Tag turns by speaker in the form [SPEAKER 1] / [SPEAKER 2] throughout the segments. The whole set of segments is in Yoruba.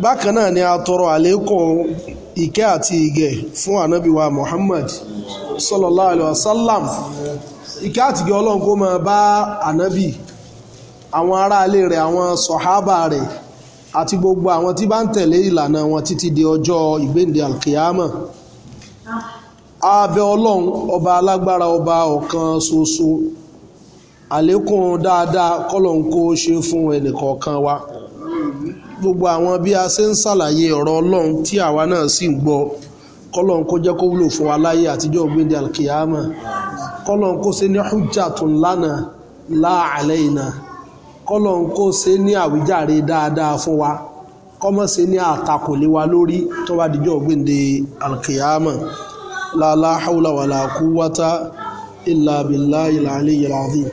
[SPEAKER 1] bákan náà ni a tọrọ àlékún ìkẹ́ àti ìgẹ̀ fún ànábì wa Muhammad sallallahu alaihi wasallam ìkẹ́ àti ìgẹ̀ ọlọ́run kó máa bá ànábì àwọn aráalé rẹ̀ àwọn sọ̀hábà rẹ̀ àti gbogbo àwọn tí bá ń tẹ̀lé ìlànà wọn títí di ọjọ́ ìgbéǹde alkiyama a bẹ̀ ọlọ́run ọba alágbára ọba ọ̀kan ṣoṣo àlékún dáadáa kọ́lọ̀ ń kó ṣe fún ẹnìkọ̀ọ̀kan wa gbogbo àwọn bí a ṣe ń ṣàlàyé ọ̀rọ̀ ọlọ́run tí àwa náà sì ń gbọ́ kọ́lọ́n kó jẹ́ kó wúlò fún wa láyé àtijọ́ ògbéǹde alkiyama kọ́lọ́n kó ṣe ní hujjatun lana la alayna kọ́lọ́n kó ṣe ní àwíjàre dáadáa fún wa kọ́mọ́ ṣe ní àtakò lé wa lórí tó bá dijọ́ ògbéǹde alkiyama la la hawla wala quwwata illa billahi al-aliyyil azim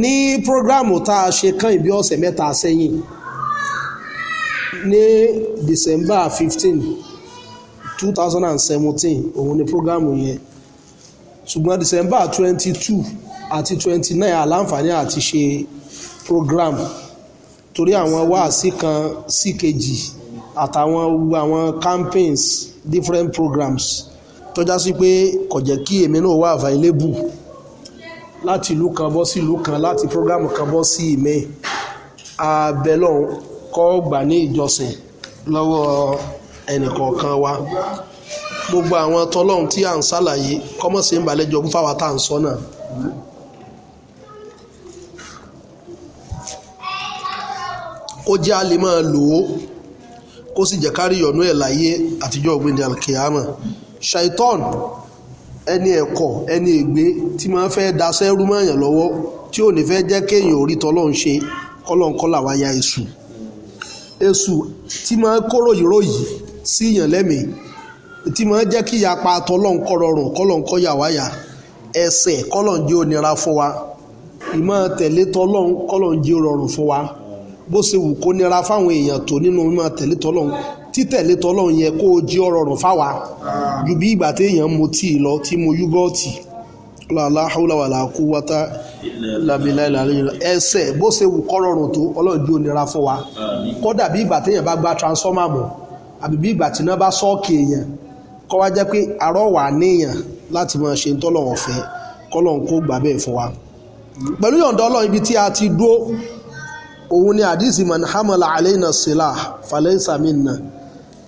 [SPEAKER 1] ní prógráàmù tá a ṣe kán ìbí ọ̀sẹ̀ mẹ́ta sẹ́yìn ní december fifteen two thousand and seventeen òun ni program yẹn ṣùgbọ́n december twenty two àti twenty nine aláǹfààní àti ṣe program torí àwọn wáàsí kan sí kejì àtàwọn àwọn campaigns different programs tọ́já sí pé kò jẹ́ kí èmi náà wà available láti ìlú kan bọ́ sí ìlú kan láti program kan bọ́ sí ìmẹ́ abẹ́lọ́run kọ́ gbà ní ìjọsìn lọ́wọ́ ẹnìkọ̀ọ̀kan wa gbogbo àwọn tọlọ́hún tí à ń ṣàlàyé kọ́mọ̀sí ń balẹ̀jọ́ fún fáwa tá à ń sọ náà. kó jẹ́ a lè máa lò ó kó sì jẹ́ kárí ọ̀nà ẹ̀ láyé àtijọ́ ògbéǹde alkiyama shaitan ẹni ẹ̀kọ́ ẹni ègbé tí máa fẹ́ daṣẹ́ rúmọ̀yàn lọ́wọ́ tí ò ní fẹ́ jẹ́ kéèyàn orí tọlọ́hún ṣe kọ́lọ́ńkọ́là wáyà èṣù èṣù tí máa kóró ìró yìí sí ìyàn lẹ́mìí tí máa jẹ́ kí ìyapa tọ́lọ́n kọ́ rọrùn kọ́lọ́n kọ́ yàwáyà ẹsẹ̀ kọ́lọ́n jẹ́ onira fún wa ìmọ̀ tẹ̀lé tọ́lọ́n kọ́lọ́n jẹ́ rọrùn fún wa bó ṣe wù kó nira fáwọn èèyàn tó nínú mímọ̀ tẹ̀lé tọ́lọ́n títẹ̀lé tọ́lọ́n yẹ kó o jẹ́ rọrùn fáwa ju bí ìgbà téèyàn mu tíì lọ tí mo yúgọ́ọ̀tì làlá haúláwàlá kú wátá lábìlá ìlàlẹ́ ẹsẹ̀ bó ṣe wù kọ́ rọrùn tó ọlọ́run jó nira fún wa kódà bí ìgbà téèyàn bá gba transformer mọ̀ àbí bí ìgbà tí iná bá sọ́ọ̀kì èèyàn kọ́ wá jẹ́ pé àárọ̀ wà níyàn láti máa ṣe tọ́lọ̀wọ̀n fẹ́ kọ́lọ̀n kó gbà bẹ́ẹ̀ fún wa pẹ̀lú yọ̀ǹda ọlọ́run ibi tí a ti dúó òun ni àdìsí man hamala alayna sila falaysa minna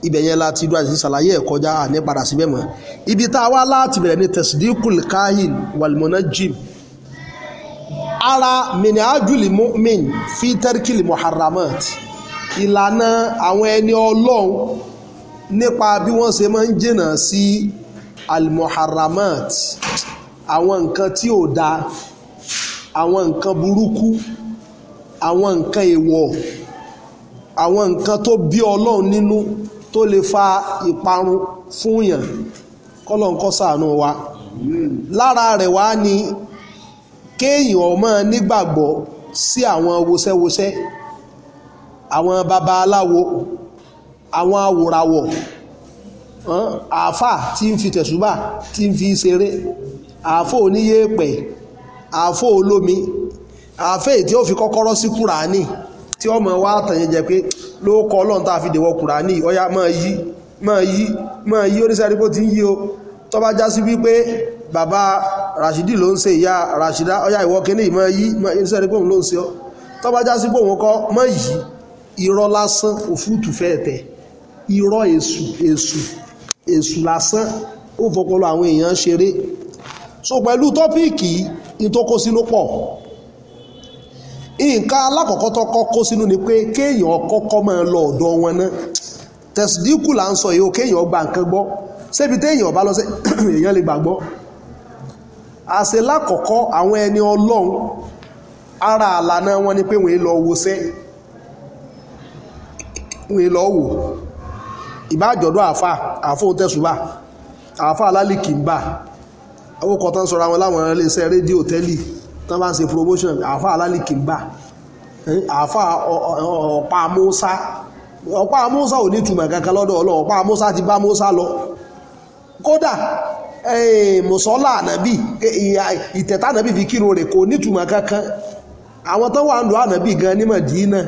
[SPEAKER 1] ibẹ̀ yẹn láti dúró àti ṣàlàyé ẹ̀ kọjá ní padà síbẹ̀ mọ́ ibi tá a wá láti bẹ̀rẹ̀ ní tasdikul kahin walmunajjim ara mìnàjúlì mu'min fi tẹ́ríkìlì muharramat ìlànà àwọn ẹni ọlọ́run nípa bí wọ́n ṣe máa ń jìnnà sí almuharramat àwọn nǹkan tí ò dáa àwọn nǹkan burúkú àwọn nǹkan èèwọ̀ àwọn nǹkan tó bí ọlọ́run nínú tó lè fa ìparun fún yàn kọ́lọ́n kó wa lára rẹ̀ wá ni kéèyàn ó máa nígbàgbọ́ sí àwọn wosẹ́wosẹ́ àwọn babaláwo àwọn awòràwọ̀ àáfà tí ń fi tẹ̀sùbà tí ń fi ṣeré àáfà oníyẹ̀pẹ̀ àáfà olómi àáfà èyí tí ó fi kọ́kọ́rọ́ sí kùránì tí ọmọ wa tẹ̀yẹ jẹ pé ló kọ́ ọlọ́run tá a fi dèwọ̀ kùránì ọya máa yí máa yí máa yí oníṣẹ́ àdìpọ̀ tí ń yí o tó já sí wípé Baba, Rashidi ló ń ṣe ìyá Rashida ọyá ìwọ kíní ìmọ̀ yí sẹ́ni pé òun ló ń ṣe ọ́ tó bá já sí pé òun kọ́ mọ́ yìí irọ́ lásán òfúùtù fẹ́ẹ̀ tẹ̀ irọ́ èṣù èṣù èṣù lásán ó fọpọlọ àwọn èèyàn ṣeré so pẹ̀lú tọ́píìkì yìí tó kó sínú pọ̀ nǹkan alákọ̀ọ́kọ́ tó kọ́ kó sínú ni pé kéèyàn kọ́kọ́ máa lọ ọ̀dọ̀ wọn náà tẹ̀sídíkù là ń sọ yìí ó kéèyàn gba nǹkan gbọ́ ṣebí téèyàn bá lọ sí èèyàn lè gbàgbọ́ àṣẹ lákọ̀ọ́kọ́ àwọn ẹni ọlọ́run ara àlànà wọn ni pé wọ́n lọ wo sẹ́ wọ́n lọ wò ìbájọ̀dọ̀ àfà àfò tẹ̀sùbà àfà alálìkì ń bà àwòkọ̀ tán sọ̀rọ̀ àwọn láwọn iléeṣẹ́ rédíò tẹ́lì tán bá ń promotion àfà alálìkì ń bà àfà ọ̀pá amúsá ọ̀pá amúsá ò ní ìtumọ̀ kankan lọ́dọ̀ ọlọ́ ọ̀pá amúsá ti bá amúsá lọ kódà Eh, mùsọ́lá anabi ìtẹ̀tà ànábì fi kírun rẹ̀ kò nítumọ̀ kankan àwọn tó wà ń lo ànábì gan ní Mádínà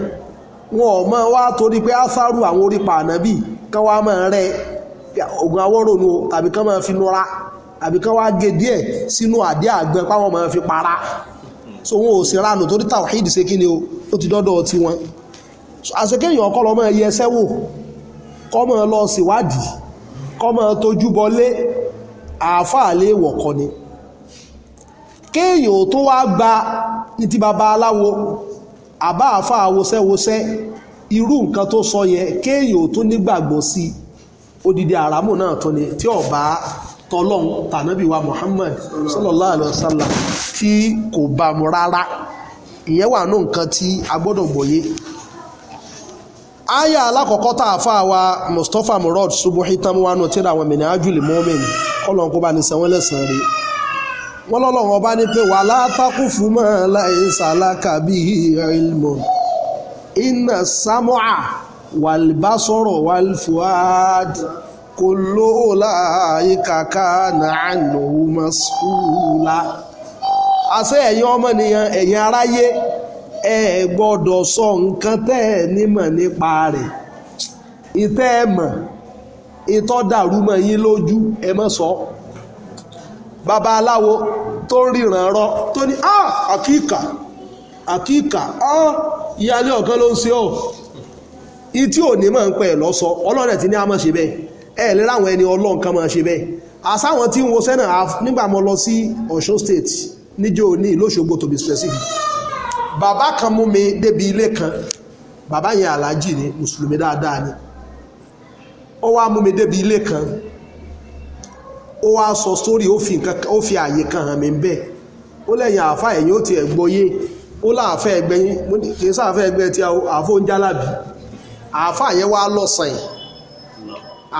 [SPEAKER 1] wọn ò mọ wá torí pé ásáàrù àwọn orípa ànábì kán wá máa rẹ ògùn awọ́rònú tàbí kán máa fi nura àbí kán wá gé díẹ̀ sínú àdé àgbẹ̀ páwọn máa fi para so wọn ò sì ránù torí tàwáhídì ṣe kí ni o ó ti dọ́dọ̀ ti wọn àṣekéyàn ọkọ lọ máa yẹ ẹsẹ́ wò kọ́ máa lọ síwádìí kọ́ máa tójú bọlé àáfàá lè wọ̀kọ́ ni kéèyàn tó wá gba ìtì bàbá aláwo àbá àáfàá awosẹ́wosẹ́ irú nǹkan tó sọ yẹ kéèyàn tó nígbàgbọ́ sí odidi àràmù náà tó ni tí ọba tọlọ́hún tànábì wa Muhammad sallallahu alayhi wa sallam tí kò bá mu rárá ìyẹn wà nù nǹkan tí a gbọ́yé aya alákọ̀ọ́kọ́ tá a fa wa Mustapha Murad Subuhi tán wà nù tíra àwọn ajuli ájúlì kọlọn kọ́lọ̀n kó bá ní sanwó lẹ́sàn rí wọ́n lọ́lọ́run ọba ní pé wà látàkù fún mọ́ laysa laka bihi ilmun inna sam'a wal basara wal fuad kullu ulaika kana anhu mas'ula àṣẹ ẹ̀yin ọmọnìyàn ẹ̀yin aráyé ẹ gbọ́dọ̀ sọ nǹkan tẹ́ ẹ nímọ̀ nípa rẹ̀ ìtẹ́ ẹ mọ̀ ìtọ́ dàrú mọ́ yín lójú ẹ má sọ bàbá aláwo tó ríran rọ tó ní ah àkíkà àkíkà ah ìyálé ọ̀kan ló ń ṣe ọ́ ìtí ò ní máa ń pẹ́ lọ́sọ ọlọ́rẹ̀ tí ní a máa ṣe bẹ́ẹ̀ ẹ̀ lè ráwọn ẹni ọlọ́run kan máa ṣe bẹ́ẹ̀ àsáwọn tí ń wo sẹ́nà nígbà mo lọ sí Ọ̀ṣun state níjó ní ìlóṣogbo to be specific bàbá kan mú mi débi ilé kan bàbá yẹn aláàjì ni mùsùlùmí dáadáa ni ó wá mú mi débi ilé kan ó wá sọ sórí ó fi àyè kan hàn mí bẹ́ẹ̀ ó lẹ́yìn àáfà ẹ̀yìn ó ti ẹ̀ gbọ́yé ó láàfẹ́ ẹgbẹ́ yín mo ní kì í sáàfẹ́ ẹgbẹ́ tí àáfà ń jálàbí àáfà yẹn wá lọ́sàn yìí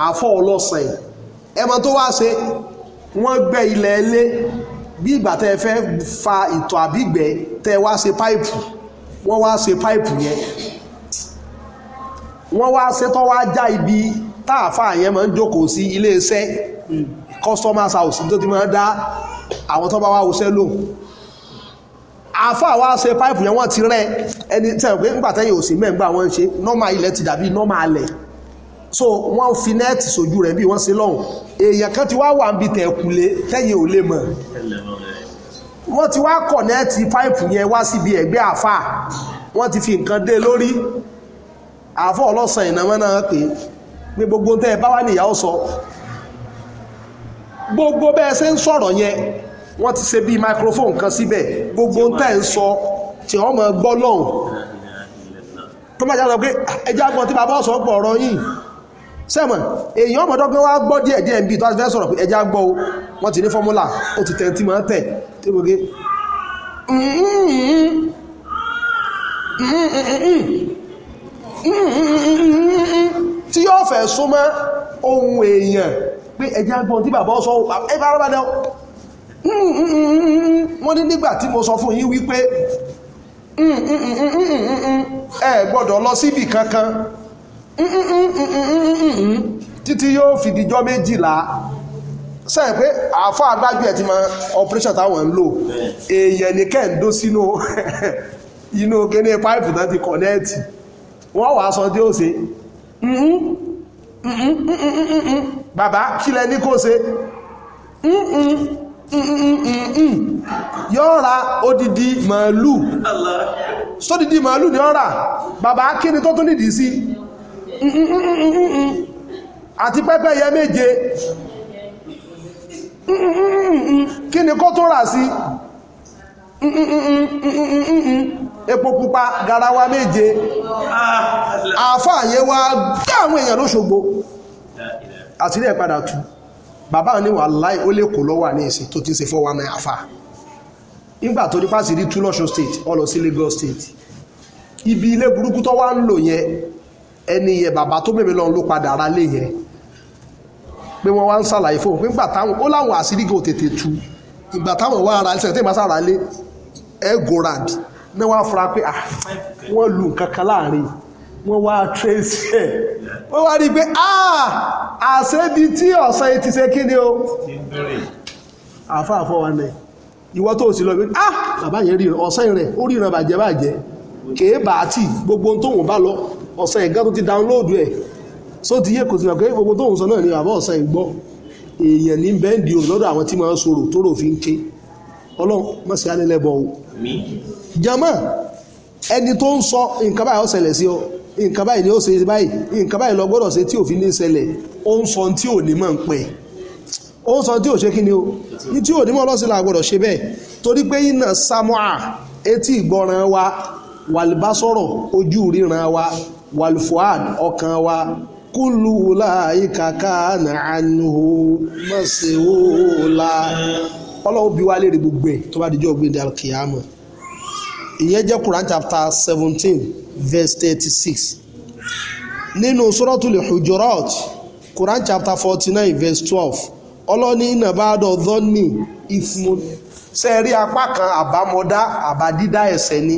[SPEAKER 1] àáfà ọlọ́sàn yìí ẹ mọ̀ tó wá ṣe wọ́n gbẹ́ ilẹ̀ ẹlé bí ìgbà tẹ́ ẹ fẹ́ fa ìtọ̀ àbígbẹ́ tẹ́ ẹ wá ṣe páìpù wọ́n wá ṣe páìpù yẹn wọ́n wá ṣe tọ́ wá já ibi táàfà yẹn máa ń jókòó sí iléeṣẹ́ customers house tó ti máa dá àwọn tó bá wá oṣẹ́ lò àfà wá ṣe páìpù yẹn wọ́n ti rẹ́ ẹni tẹ́ ẹ pé nígbà tẹ́yìn òsì mẹ́gbà wọ́n ń ṣe normal ilẹ̀ ti dàbí normal alẹ̀ so wọ́n fi nẹ́ẹ̀tì sójú rẹ̀ bí wọ́n ṣe lọ́hùn èèyàn kan ti wá wà níbi tẹ̀kùlé tẹ́yìn ò lè mọ̀ wọ́n ti wá kọ̀ nẹ́ẹ̀tì páìpù yẹn wá síbi ẹ̀gbẹ́ àfà wọ́n ti fi nǹkan dé lórí àfọ́ ọlọ́sàn ìnáwó náà pé ní gbogbo tẹ́ ẹ bá wà níyàwó sọ gbogbo bẹ́ẹ̀ ṣe ń sọ̀rọ̀ yẹn wọ́n ti ṣe bí microphone kan síbẹ̀ gbogbo tẹ́ ń sọ tí wọ́n mọ̀ gbọ́ lọ́hùn tó bá jáde pé ẹjá gbọ́n tí bàbá ọ̀sán pọ̀ ọ̀rọ̀ yìí sẹ́mọ̀ èèyàn ọmọdọ́gbọ́n wá gbọ́ díẹ̀ díẹ̀ bí tó á fẹ́ sọ̀rọ̀ pé ẹja gbọ́ o wọ́n ti ní fọ́múlà ó ti tẹ̀ntì máa ń tẹ̀ tó gbogbo tí yóò fẹ́ súnmọ́ ohun èèyàn pé ẹja gbọ́n tí bàbá sọ ẹbá rọ́bà náà wọ́n ní nígbà tí mo sọ fún yín wípé ẹ gbọ́dọ̀ lọ síbi kankan títí yóò fi dijọ́ méjìlá sẹ́yìn pé àáfà agbájú ẹ̀ ti ma operation táwọn ń lò èèyàn ní kẹ́ńdó sínú inú kíní páìpù tán ti kọ̀nẹ́ẹ̀tì wọ́n wàá sọ tí ó se. bàbá kílẹ̀ ní kó ṣe yóò ra odidi màálù sódidi màálù ni ó rà bàbá kíni tó tún nídìí sí àti pẹ́pẹ́yẹ méje kí ni kó tó rà sí epo pupa garawa méje àfáàyẹ wa gbé àwọn èèyàn lóṣogbo àti ilé ìpadà tù bàbá ní wà láì ó lè kò lọ́wà ní ìsìn tó ti ṣe fọ́wà náà àfà nígbà tó ní pàṣírí tú lọ́ṣọ́ state ó lọ sí Lagos state ibi ilé burúkú tó wá ń lò yẹn ẹni yẹn bàbá tó bèbè lọ́run ló padà ara lé yẹn pé wọ́n wá ń ṣàlàyé fún un pé gbàtàwọn ó láwọn àṣírí kò tètè tu ìgbà táwọn wá ara ṣẹ̀tẹ̀ ìmásá ara lé ẹgorand náà wá fura pé ah, wọ́n lu nǹkan kan láàrin wọ́n wá trace ẹ̀ wọ́n wá rí i pé ah, àṣẹbi tí ọ̀sán yìí ti ṣe kí ni o àfáàfọ wa náà ìwọ tó o sì lọ bí ah bàbá yẹn ríran ọ̀sán rẹ̀ ó ríran bàjẹ́ bàjẹ́ kèé bàá gbogbo tó wọ́n bá lọ ọ̀sẹ̀ ìgá tó ti download ẹ̀ só ti yé kò ti mọ̀ pé gbogbo tó ń sọ náà ni bàbá ọ̀sẹ̀ ìgbọ́ èèyàn ní bẹ́ǹdì òun lọ́dọ̀ àwọn tí máa ń sọ̀rọ̀ tó rò fi ń ké ọlọ́run mọ̀ sí alẹ́lẹ́bọ̀ o jama ẹni tó ń sọ nǹkan báyìí ó ṣẹlẹ̀ sí ọ nǹkan báyìí ni ó ṣe báyìí nǹkan báyìí lọ gbọ́dọ̀ ṣe tí òfin ní ṣẹlẹ̀ ó ń sọ tí ò ní mọ̀ ń pẹ́ ó ń sọ tí ò ṣe kí ni o ní tí ò ní mọ̀ lọ́sìn la gbọ́dọ̀ ṣe bẹ́ẹ̀ torí pé iná samoa etí ìgbọràn wa wàlúbásọ̀rọ̀ ojú ríran wa walfuad ọkàn wa kúlù láìka káànà ànúhù mọ̀sẹ̀wòlá bí wá léèrè gbogbo ẹ̀ tó bá dijọ́ gbẹ̀dẹ̀ alkiyama ìyẹn jẹ́ Quran chapter seventeen verse thirty six nínú hujurat Quran chapter forty nine verse twelve ọlọ́ni nàbàdàn dọ́ni ìfún sẹ́ẹ̀rí apá kan àbámọ́dá àbádídá ni.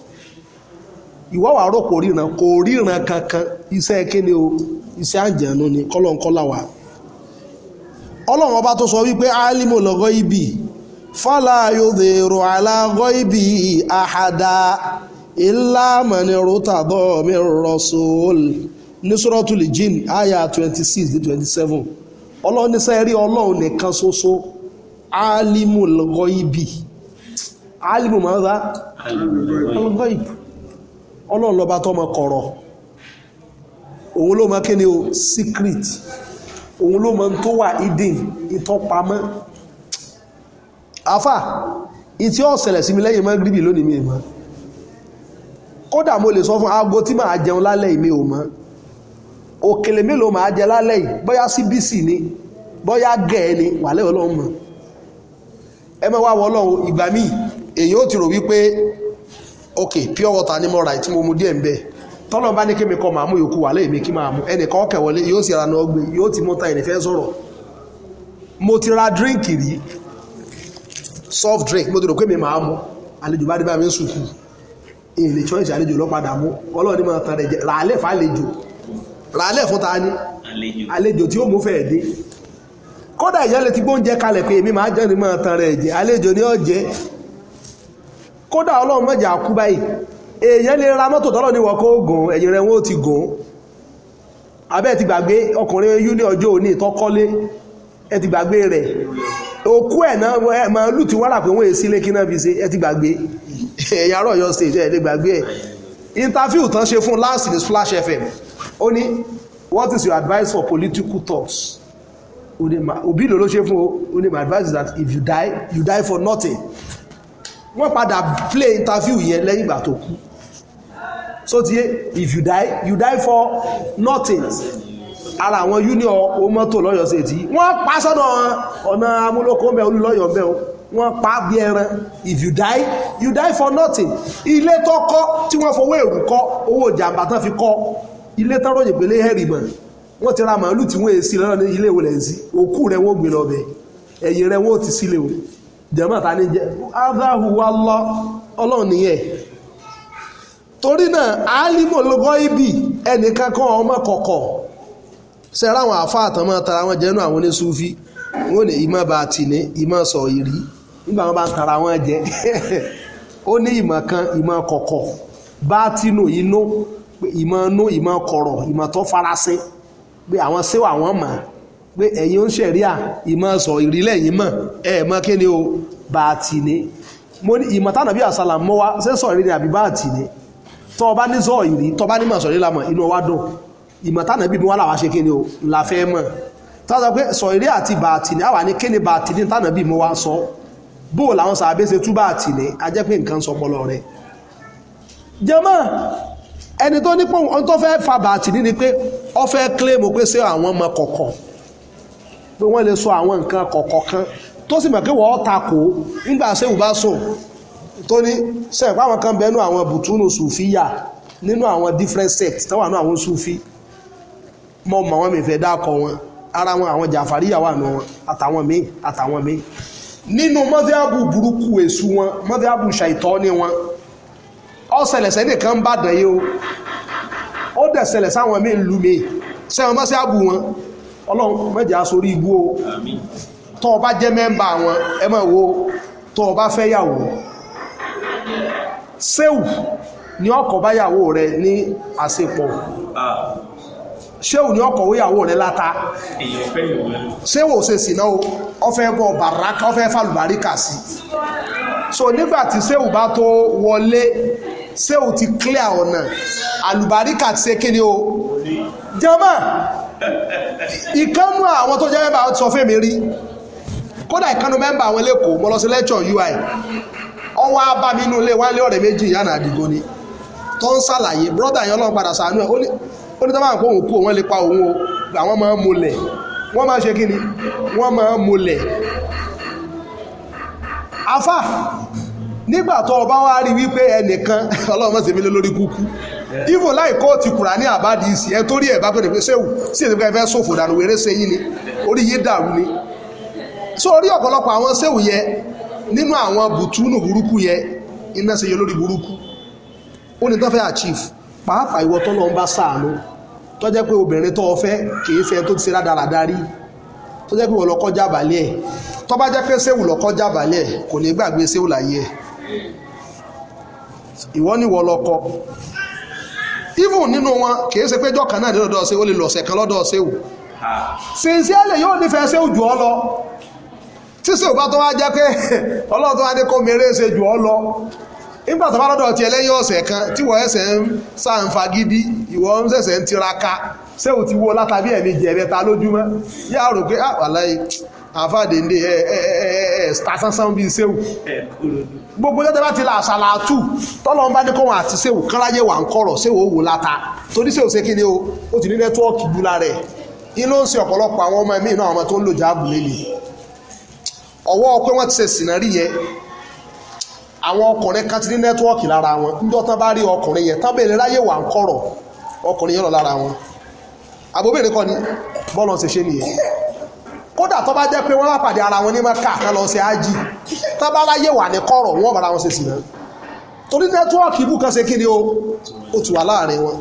[SPEAKER 1] ìwọ wàá rò kò ríran kò ríran kankan iṣẹ́ kíni o iṣẹ́ àjẹ̀nu ni kọ́lọ̀ńkọ́lá wa ọlọ́run ọba tó sọ wípé alimu lọ́gọ́ ibi fọ́lá yóòdèrò alágọ́ ibi àhàdá ilá mọ̀nìrò tàbọ̀ mi rọ̀sọ́ọ̀l ní suratul jinn àyà 26 dé 27 ọlọ́run níṣẹ́ rí ọlọ́run nìkan ṣoṣo alimu lọ́gọ́ ibi alimu mọ́ra lọ́gọ́ ibi ọlọ́run lọ́ba tó mọ kọ̀rọ̀ òun ló mọ kí ni o secret òun ló mọ tó wà hidden ìtọ́pamọ́ àfà ìtí ó ṣẹlẹ̀ sí mi lẹ́yìn mọ́ gíríbì lónìí mi mọ́ kódà mo lè sọ fún aago tí màá jẹun lálẹ́ mi ò mọ́ òkèlè mélòó màá jẹ lálẹ́ yìí bóyá CBC ni bóyá gẹ̀ẹ́ ni wàlẹ́ ọlọ́run mọ̀ ẹ mọ́ wá wọ ọlọ́run ìgbà míì èyí ó ti rò wípé ok pure water ni mo ra tí mo mu díẹ̀ ń bẹ̀ tọ́lọ̀ bá ní kémi kọ́ máa mú yòókù wà lẹ́yìn mi kí máa mú ẹnìkan ọkẹ̀ wọlé yóò sì ra náà gbé yóò ti mú ta ẹni fẹ́ sọ̀rọ̀ mo ti ra díríǹkì rí soft drink mo ti rò pé mi máa mú àlejò bá dé bá mi ń sùkú èlè choice àlejò lọ padà mú ọlọ́run ní máa tan rẹ̀ jẹ ràálẹ̀ fún àlejò ràálẹ̀ fún ta ni àlejò tí ó mú fẹ́ dé kódà ìyá lè ti gbóúnjẹ kalẹ̀ pé èmi máa jẹ́ ni máa tan rẹ̀ jẹ àlejò ni ó jẹ́ kódà ọlọ́run mẹ́jà kú báyìí èèyàn lè ra mọ́tò tọ́lọ́ ní wọ́kọ́ ogun ẹ̀yìn rẹ̀ wọ́n ti gùn abẹ́ ti gbàgbé ọkùnrin yúlé ọjọ́ òní ìtọ́kọ́lé ẹ ti gbàgbé rẹ̀ òkú ẹ̀ náà máa lù tí wọ́n rà pé wọ́n èsì lé kí náà fi ṣe ẹ ti gbàgbé interview tán ṣe last in Splash FM ó ní what is your advice for political talks o ó my advice is that if you die you die for nothing wọ́n padà play interview yẹn lẹ́yìn ìgbà tó kú so ti yé if you die you die for nothing ara àwọn union o mọ́tò lọ́yọ̀ sí ètí wọ́n pa sọ́dọ̀ ọ̀nà amúlòkó ń bẹ olùlọ́yọ̀ ń bẹ o wọ́n pa bí ẹran if you die you die for nothing ilé tó kọ́ tí wọ́n fowó èrú kọ́ owó jàǹbá tán fi kọ́ ilé tán ròyìn pé léhẹ́rì mọ̀ wọ́n ti ra màálù tí wọ́n èsì lọ́nà ilé ìwòlẹ̀ sí òkú rẹ̀ wọ́n gbé lọ bẹ̀ ẹ̀yìn rẹ̀ wọ́n ti sílé o jẹ́mọ́ ta ní torí náà alimọ̀ ibi ẹnìkan ọmọ kọ̀kọ̀ sẹ́ra àwọn afọ tán tara wọn àwọn oníṣúfí wọn ni ìmọ̀ bá ti ní ìmọ̀ sọ ìrí nígbà wọn bá ń tara wọn jẹ ó ní ìmọ̀ kan ìmọ̀ kọ̀kọ̀ bá tinú inú inú kọ̀rọ̀ tó farasin pé ẹ̀yin ń ṣẹ̀rí à ìmọ̀ sọ ìrílẹ̀ yìí mọ̀ ẹ̀ mọ̀ kí ni o bá a tì ní mo ní ìmọ̀ tánà bí àsálà mọ́ wá ṣé sọ ìrírí àbí bá a tì ní tọ́ ọ bá ní sọ ìrí tọ́ bá ní mọ̀ sọ ìrí lamọ̀ inú wa dùn ìmọ̀ tánà bí wọ́n làwá ṣe kí ni o la fẹ́ mọ̀ tọ́jà pé sọ ìrí àti bá a tì ní àwa ní kí ni bá a tì ní tánà bí mo wá sọ bó làwọn sàbẹ̀ ṣe tú bá a tì ní a jẹ́ pé nǹkan sọ pọlọ rẹ̀ jẹ́mọ́ ẹni tó ní pọ́n tó fẹ́ fa bá a tì ní ni pé ọ fẹ́ kílèmù pé ṣé àwọn ọmọ kọ̀ọ̀kan pé wọ́n lè sọ àwọn nǹkan kọ̀ọ̀kọ̀ kan tó sì mọ̀ pé wọ́n takò nígbà sẹ́wù bá sùn tó ní sẹ́wù pàwọn kan bẹ́nu àwọn bùtúnù sùfíyà nínú àwọn different sects tó wà nínú àwọn sùfí mọ́ mọ́ wọn mìfẹ́ dákọ̀ wọn ara wọn àwọn jàǹfàríyà wà nù wọn àtàwọn míì àtàwọn míì nínú mọ́díábù burúkú èṣù wọn mọ́díábù ṣàìtọ́ ní wọn ọ̀sẹ̀lẹ̀sẹ̀ nìkan bá dàn yìí o ó dẹ̀ ṣẹlẹ̀ sáwọn míì lù mí sẹ́wọ̀n mọ́síábù wọn ọlọ́run mẹ́jẹ̀ asorí igbó o tọ́ ọba jẹ́ mẹ́mbà wọn ẹ máa wo tọ́ ọba fẹ́ yàwó séwù ni ọkọ bá yàwó rẹ ní àṣepọ̀ séwù ni ọkọ wó yàwó rẹ láta séwù ò ṣe sìná o ọfẹ́ bọ̀ bàrákà ọfẹ́ fàlùbáríkà sí so nígbàtí séwù bá tó wọlé séwù ti clear ọ̀nà àlùbáríkà ti ṣe kíni o jẹ́mọ́ ìkánú àwọn tó jẹ́ mẹ́bà sọ fún mi rí kódà ìkánú mẹ́bà àwọn ẹlẹ́kọ̀ọ́ mo lọ sí lẹ́tọ̀ UI ọwọ́ abá mi inú ilé wálé ọ̀rẹ́ méjì ìyáàna àdìgò ni tó ń ṣàlàyé brọ́dà yẹn ọlọ́run padà sàánú ẹ̀ ó ní tó máa ń kó òun kú òun lè pa òun o àwọn máa ń molẹ̀ wọ́n máa ń ṣe kí ni wọ́n máa ń molẹ̀ afá nígbà tó ọba wa rí wípé ẹnìkan ọlọ́run mọ̀ sí mi lórí kúkú ibo láì kóòtù kùrà ní àbádì ìsì ẹ torí ẹ bá pèrè pé sẹ́wù sí èdè fẹ́ sòfò dànù wéré ṣe yín ni orí yé dàrú ni so orí ọ̀pọ̀lọpọ̀ àwọn sẹ́wù yẹ nínú àwọn bùtúnù burúkú yẹ iná ṣe yẹ lórí burúkú ó ní tán fẹ́ achieve pàápàá ìwọ tó lọ ń bá sáànú tó jẹ́ pé obìnrin tó fẹ́ kìí fẹ́ tó ti ṣe rádaràdarí tó jẹ́ pé wọ́n lọ́kọ́ jábàálẹ̀ ẹ̀ tó bá jẹ́ pé séwù lọ́kọ́ jábàálẹ̀ ẹ̀ kò ní gbàgbé séwù láyé ẹ̀ ìwọ ni wọ́n even nínú wọn kìí ṣe pé jọ́ kan náà lọ́dọ̀ ṣe ó lè lọ ọ̀sẹ̀ kan lọ́dọ̀ ṣe wù sincerely yóò nífẹ̀ẹ́ ṣe jù ọ lọ tí ṣe ò bá tó wá jẹ́ pé ọlọ́run tó wá ní kó mèrè ṣe jù ọ lọ nígbà tó bá lọ́dọ̀ tiẹ̀ lẹ́yìn ọ̀sẹ̀ kan tí wọ́n ẹsẹ̀ ń sàǹfàgídí ìwọ ń ṣẹ̀ṣẹ̀ ń tiraka ṣé ò ti wo látàbí ẹ̀mí jẹ̀ẹ́dẹ́ta lójúmọ́ yá rò pé àwàláyé àfàdéńdé ẹ̀ ẹ̀ ẹ̀ ẹ̀ ẹ̀ sta sánsán bíi ṣéwù. ẹ̀ kúrò ní gbogbo jẹ́ tẹ́lá ti la àṣàlàtù tọ́lọ́ ń bá ní kọ́wọ́n àti sèwò kánláyé wà ń kọ̀rọ̀ sèwò òwò láta torí sèwò ṣe kí ni o ó ti ní nẹ́tíwọ́ọ̀kì búlá rẹ̀ inú ń ṣe ọ̀pọ̀lọpọ̀ àwọn ọmọ míì náà ọmọ tó ń lò jáàbù lélẹ̀ ọwọ́ pé wọ́n ti ṣe sìnárì yẹn àwọn ọkùnrin kan ti ní nẹ́tíwọ́ọ̀kì lára wọn ń dọ́tán bá rí ọkùnrin yẹn tán bèèrè láyé wà ń kọ̀rọ̀ ọkùnrin yẹn lọ lára wọn àbóbìnrin kọ́ ni bọ́ọ̀lù ṣe ṣe nìyẹn kódà tó bá jẹ́ pé wọ́n lápàdé ara wọn ní mẹ́ka kan lọ sí ájì tó bá wà ní kọ́rọ̀ wọ́n bára wọn ṣe sì náà torí nẹ́tíwọ́ọ̀kì ibù kan ni ó ti wà láàrin wọn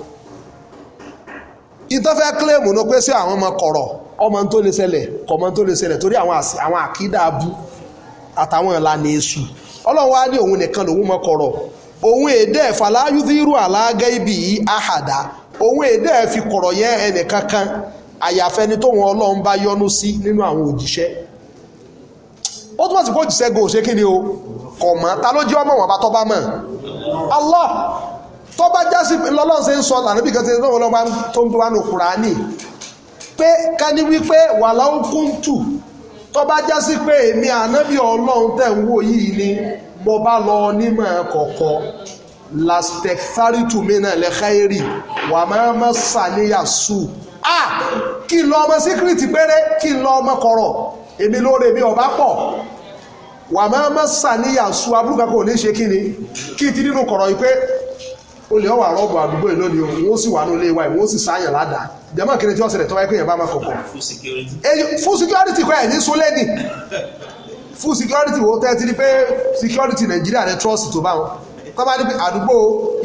[SPEAKER 1] ìtọ́fẹ́ kílèmù ló pé sí àwọn ọmọ kọ̀rọ̀ ọmọ tó lè ṣẹlẹ̀ kọ̀mọ torí àwọn àkídà abú àtàwọn èṣù ọlọ́run wá ní òun nìkan lòun mọ kọ̀rọ̀ òun èdè ibì yìí àyàfẹ́ni tó wọn ọlọ́run bá yọ́nú sí nínú àwọn òjíṣẹ́ ó túnmọ̀ sí kó òjíṣẹ́ go ṣe kí ni o kọ̀ mọ́ ta ló jẹ́ ọmọ wọn bá tọ́ bá mọ̀ Allah tó bá já sí lọ́lọ́run ṣe ń sọ ànábì kan ṣe ń lọ́wọ́ lọ́wọ́ tó ń tó wá ní Kùránì pé ká ní wípé wàláhù kúntù tó bá já sí pé èmi ànábì ọlọ́run tẹ̀ ń wò yìí ni mo bá lọ onímọ̀ kọ̀ọ̀kọ̀ lastekfaritu mina lẹ́kẹ́rì wàmọ́ mọ́sàníyà sùn Ah, kí n lọ ọmọ síkírìtì péré kí n lọ ọmọ kọ̀rọ̀ èmi lóore mi ọ̀bá pọ̀ wà máa má sàníyàn su abúlé kankan ní ṣe kí kí ti nínú kọ̀rọ̀ yìí pé olè ọwà rọ́ọ̀bù àdúgbò yìí lónìí òun ó sì wà ní ilé wa ìwọ́n ó sì sáyàn ládàá jẹ́mọ́ kí ni tí wọ́n ṣẹlẹ̀ tó wáyé pé yẹn bá máa kọ̀kọ̀ fún security kọ́ ẹ̀ ní sólẹ́dì fún security wo tẹ́tí ni pé security Nàìjíríà rẹ̀ trust tó bá wọn kọ́ bá ní pé àdúgbò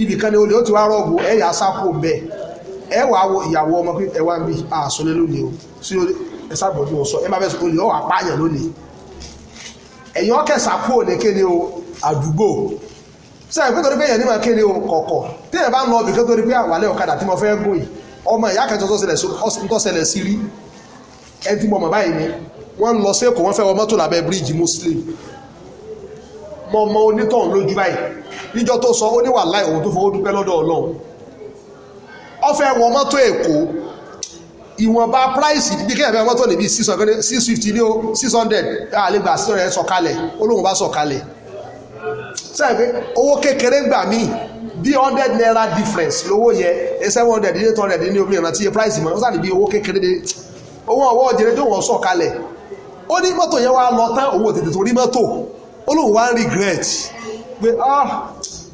[SPEAKER 1] ibìkan ni olè ó ti wá rọ́ọ̀bù ẹ̀yà sápò bẹ́ẹ̀ ẹ wà á wo ìyàwó ọmọ pé ẹ wá ń bí àṣọlé lónìí o sí ẹ sábọ̀dú ọ̀sọ́ ẹ má bẹ́ẹ̀ sọ olè ọ̀ àpáyàn lónìí ẹ̀yìn ọ̀kẹ́sà kú òní o àdúgbò sẹ́yìn pé torí pé èèyàn ní máa kéde o kọ̀kọ̀ tí èèyàn bá ń lọ ibì kan torí pé àwàlẹ̀ ọ̀kadà tí mo fẹ́ gùn yìí ọmọ ìyá kẹjọ tó ṣẹlẹ̀ sí rí ẹni tí mo mọ̀ báyìí ni wọ́n ń lọ sí èkó wọ́n fẹ́ wọ mọ́tò lábẹ́ bíríìjì muslim mọ ọmọ onítọ̀hún lójú báyìí níjọ tó sọ ó níwà láì òun tó fowó dúpẹ́ lọ́dọ̀ ọlọ́run ọfẹ́ wọ mọ́tò èkó ìwọ̀nba price bí kéèyàn fẹ́ mọ́tò lè bí six hundred six fifty ní o six hundred àlè gbà sí ọ̀rẹ́ sọ̀kalẹ̀ olóhùn bá sọ̀kalẹ̀ sẹ́yìn pé owó kékeré gbà míì bí hundred naira difference lówó yẹ seven hundred eight hundred ní omi ìrántí price mọ́ sáà ní bí owó kékeré dé owó ọwọ́ ọ̀jẹ̀rẹ̀ tó wọ́n sọ̀kalẹ̀ ó ní mọ́tò yẹn wá lọ tán owó tètè torí mọ́tò olóhùn wá regret pé ah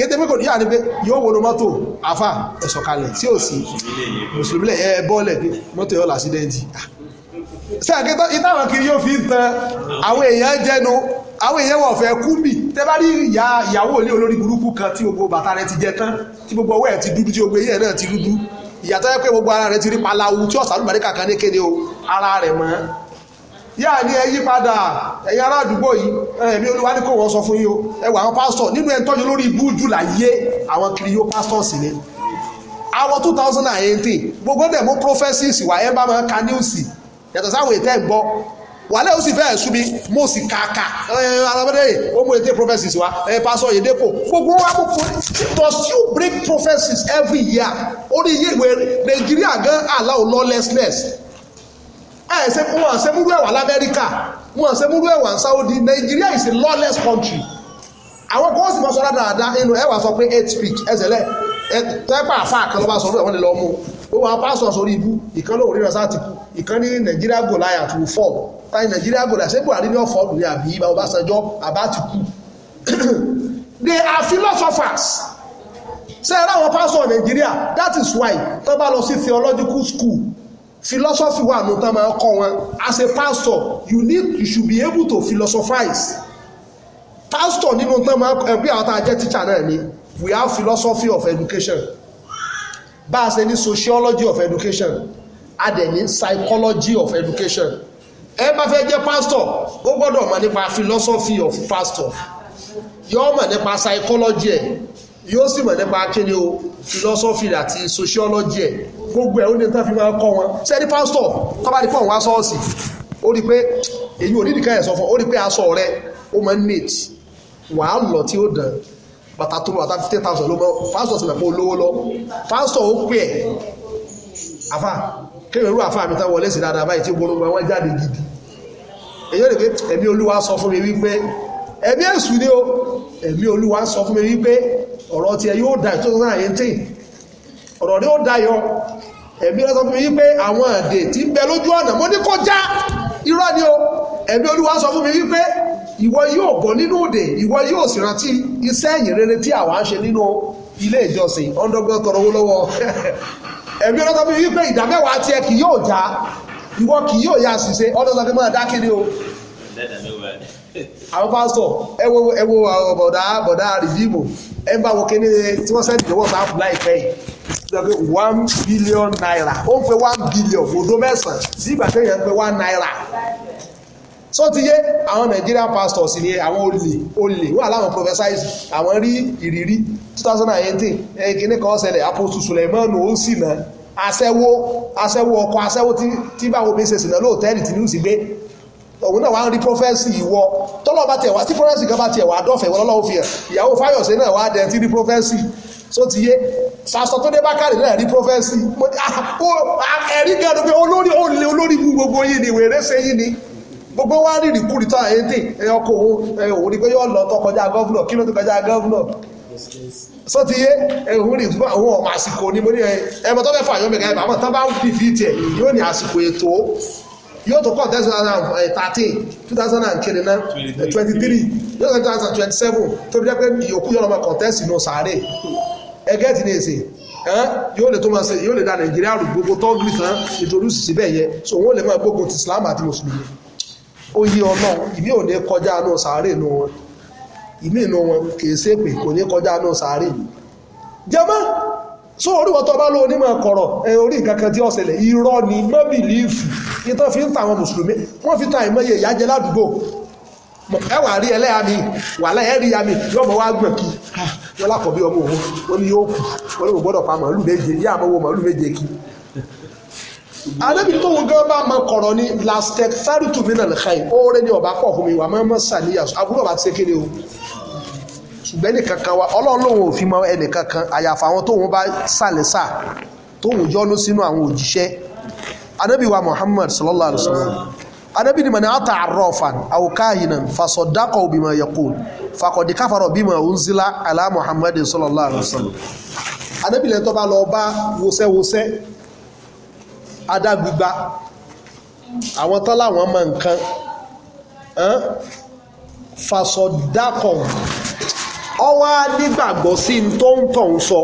[SPEAKER 1] kéde pé kò ní àní pé yóò wọnú mọ́tò àfà ẹ̀sọ̀kalẹ̀ tí ò sí mùsùlùmí lẹ̀ ẹ bọ́ọ̀lẹ̀ pé mọ́tò yóò lásìdẹ́ǹtì sẹ́ẹ̀kì ìtàwọn kiri yóò fi ń tan àwọn èèyàn jẹnu àwọn èèyàn wọ̀ fẹ́ kú bì tẹ́ bá rí ìyá ìyàwó ilé olórí burúkú kan tí gbogbo bàtà rẹ̀ ti jẹ tán tí gbogbo ọwọ́ ẹ̀ ti dúdú tí gbogbo eyín ẹ̀ náà ti dúdú ìyàtọ̀ yẹ pé gbogbo ara rẹ̀ ti rí palawu tí ọ̀sán àlùbáríkà kan ní kéde o ara rẹ̀ mọ́ yáà ní ẹ yí padà ẹ̀yin ará àdúgbò yìí ẹ̀mí eh, olúwa ní kò wọ́n sọ fún yín o ẹ wà àwọn pásítọ̀ nínú ẹ̀ ń tọ́jú lórí ibú jù láyé àwọn kiri yóò pásítọ̀ sí ni àwọn two thousand and eighteen gbogbo dẹ̀ mú prophecies wà ẹ̀ bá máa ka news yàtọ̀ sáwọn ètò ẹ̀ gbọ́ wàlẹ́ ó sì fẹ́ẹ̀ sú mi mo sì kàkà eh, alábẹ́dẹ́ ó mú ètè prophecies wa ẹ̀ eh, pásọ̀ yèdèkò gbogbo wa kò kò must you break prophecies every year orí iye ìwé Nàìjíríà gan allow lawlessness ẹ̀ ṣe wọ́n ṣe múrú ẹ̀wà l'Amẹ́ríkà wọ́n ṣe múrú ẹ̀wà ní Saudi Nigeria is a lawless country àwọn kan sì mọ sọ dáadáa inú ẹ̀wà sọ pé eight speech ẹsẹ̀ lẹ̀ tẹ́pà àfáà kan ló bá sọ fún ẹ̀wọ́n lè lọ mú ó wà pásọ̀ sórí ibú ìkan lóò rí rẹ̀sáàtì kù ìkan ní Nigeria Goliath will fall táyì Nigeria Goliath ṣé Buhari ní ọ̀fọ́ ní àbí ibà Ọbásanjọ́ àbá ti kú they are philosophers ṣe é ráwọn pásọ̀ Nigeria that is why tó bá lọ sí theological school philosophy wà ní tán máa ń kọ́ as a pastor you need you should be able to philosophize pastor nínú tán máa ń pè àwọn tá a teacher náà ni we have philosophy of education bá a ṣe sociology of education a dẹ̀ ní psychology of education ẹ bá fẹ́ jẹ́ pastor ó gbọ́dọ̀ mọ̀ nípa philosophy of pastor yọ mọ̀ nípa psychology ẹ̀ yóò sì mọ̀ nípa kíni o philosophy àti sociology ẹ̀ gbogbo ẹ̀ ó ní tán fi máa kọ́ wọn sẹ́ni pásítọ̀ tọ́ba ní pọ̀ wá sọ́ọ̀sì ó rí pé èyí ò nídìí káyẹ̀ sọ fún ọ ó rí pé aṣọ rẹ ó máa ń neat wàá lọ tí ó dàn bàtà tó bàtà fifteen thousand ló mọ pásítọ̀ sì mọ̀ pé olówó lọ pásítọ̀ ó pè ẹ̀ àfà kéwìn irú àfà mi tán wọlé sí dáadáa báyìí tí gbogbo wọn jáde gidi èyí ò rí pé ẹ̀mí olúwa sọ fún mi wípé ẹ̀mí èṣù ni o ẹ̀mí olúwa sọ fún mi wípé ọ̀rọ̀ tiẹ̀ yóò da two thousand and eighteen ọ̀rọ̀ rẹ̀ yóò dayọ ẹ̀mí lọ́sọ fún mi wípé àwọn àdè tí ń bẹ lójú ọ̀nà mo ní kó já irọ́ ni o ẹ̀mí olúwa sọ fún mi wípé ìwọ yóò bọ̀ nínú òde ìwọ yóò sì rántí iṣẹ́ ẹ̀yìn rere tí àwa ń ṣe nínú ilé ìjọsìn ọ̀ndọ́gbọ́n tọrọ owó lọ́wọ́ ẹ̀mí ọlọ́sọ fún mi wípé ìdá mẹ́wàá tiẹ̀ kì yóò já ìwọ kì yóò yá àṣìṣe ọ̀dọ́sọ fún mi máa dá kiri o àwọn pásítọ̀ ẹ wo ẹ wo bọ̀dá bọ̀dá rìdíìmù ẹ bá wọ kíní tí wọ́n sẹ́ni ìjọwọ́ sáà fúláì pẹ́ yìí one billion naira ó ń pe one billion òdo mẹ́sàn-án sí ìgbà tẹ́yìn ń pe one naira sọ ti yé àwọn Nigerian pastors ni àwọn olè olè wà láwọn prophesize àwọn rí ìrírí two thousand and eighteen ẹ̀ kíní kan ṣẹlẹ̀ Apostle Suleiman ó sì náà aṣẹ́wó aṣẹ́wó ọkọ̀ aṣẹ́wó tí báwo bí ṣe sì náà lóòtẹ́ẹ̀lì tí ní ó sì gbé òun náà wá ń rí prọfẹ́sì ìwọ tọ́lọ́ bá tiẹ̀ wá tí prọfẹ́sì kan bá tiẹ̀ wá dọ̀fẹ̀ ìwọ lọ́wọ́ fi hàn ìyàwó fáyọ̀sẹ̀ náà wá dẹ̀ tí rí prọfẹ́sì só ti yé sàṣọ tó dé bákàrẹ̀ náà rí prọfẹ́sì ah, ẹ̀rí gẹ́gẹ́ pé olórí olè olórí bú gbogbo yìí ni wèrè ṣe yìí ni gbogbo wa rí rí kúrì tán àyè tè ẹyọ kò òun òun ni pé yóò lọ tó kọjá gọ́vùnà kí ló tó kọjá gọ́vùnà só ti yé ẹ̀hún rí fún àwọn ọmọ àsìkò ni mo ní ẹ ẹmọ tó fẹ́ fà yọmọ ẹ̀ka ẹ̀ bàbá tó bá ń fi fi tiẹ̀ yóò ní àsìkò ètò yóò tó kọ́ two thousand uh, uh, thirteen two thousand and kiri ná twenty three yóò tó two thousand twenty seven tó fi jẹ́ pé ìyókù yọ̀ọ́ máa kọ̀ǹtẹ́sì nù sàárè ẹgẹ́ ti ní èsì yóò lè tó máa ṣe yóò lè da nàìjíríà rù gbogbo tọ́gìlì tán introduce síbẹ̀ yẹ so wọ́n lè máa gbógun ti islam àti mùsùlùmí ó yí ọlọ́run ìmí ò ní kọjá náà sàárè nù wọn ìmí nù wọn kì í ṣépè kò ní kọjá náà sàárè jẹ́mọ́ so oríwọ̀ tó bá ló onímọ̀ kọ̀rọ̀ ẹ orí nǹkan kan tí ó ṣẹlẹ̀ irọ́ ni má bìlífù ní tó fi ń tàwọn mùsùlùmí wọ́n fi tàn ìmọ̀ye ìyájẹ́ ládùúgbò ẹ wà rí ẹlẹ́yà mi wà láyẹ̀ rí ya mi yóò mọ̀ wá gbọ̀n kí yọ lákọ̀ bí ọmọ òun ó ní yóò kù ó ní kò gbọ́dọ̀ pa màálù méje yá àmọ́ wo màálù méje kí.
[SPEAKER 2] anábì tóun gan bá mọ
[SPEAKER 1] kọ̀rọ̀ ni lastek thirty two million kai oore ni ọba pọ̀ fún mi wà mọ́ mọ́ sàníyà àbúrò bá ti ṣe kéde o ṣùgbọ́n ẹnìkankan wa ọlọ́run lòun ò fi mọ ẹnìkankan àyàfà àwọn tóun bá sàlẹ̀ sà tóun yọ́nú sínú àwọn òjíṣẹ́ anábì wa muhammad sallallahu alayhi wa sallam anábì ni mọ̀ ní ata arrafan aw kahinan fasaddaqa bima yaqul faqad kafara bima unzila ala muhammad sallallahu alayhi wa fasọ̀dákọ̀ ọwọ́ á nígbàgbọ́ sí i tó ń tọ̀ ń sọ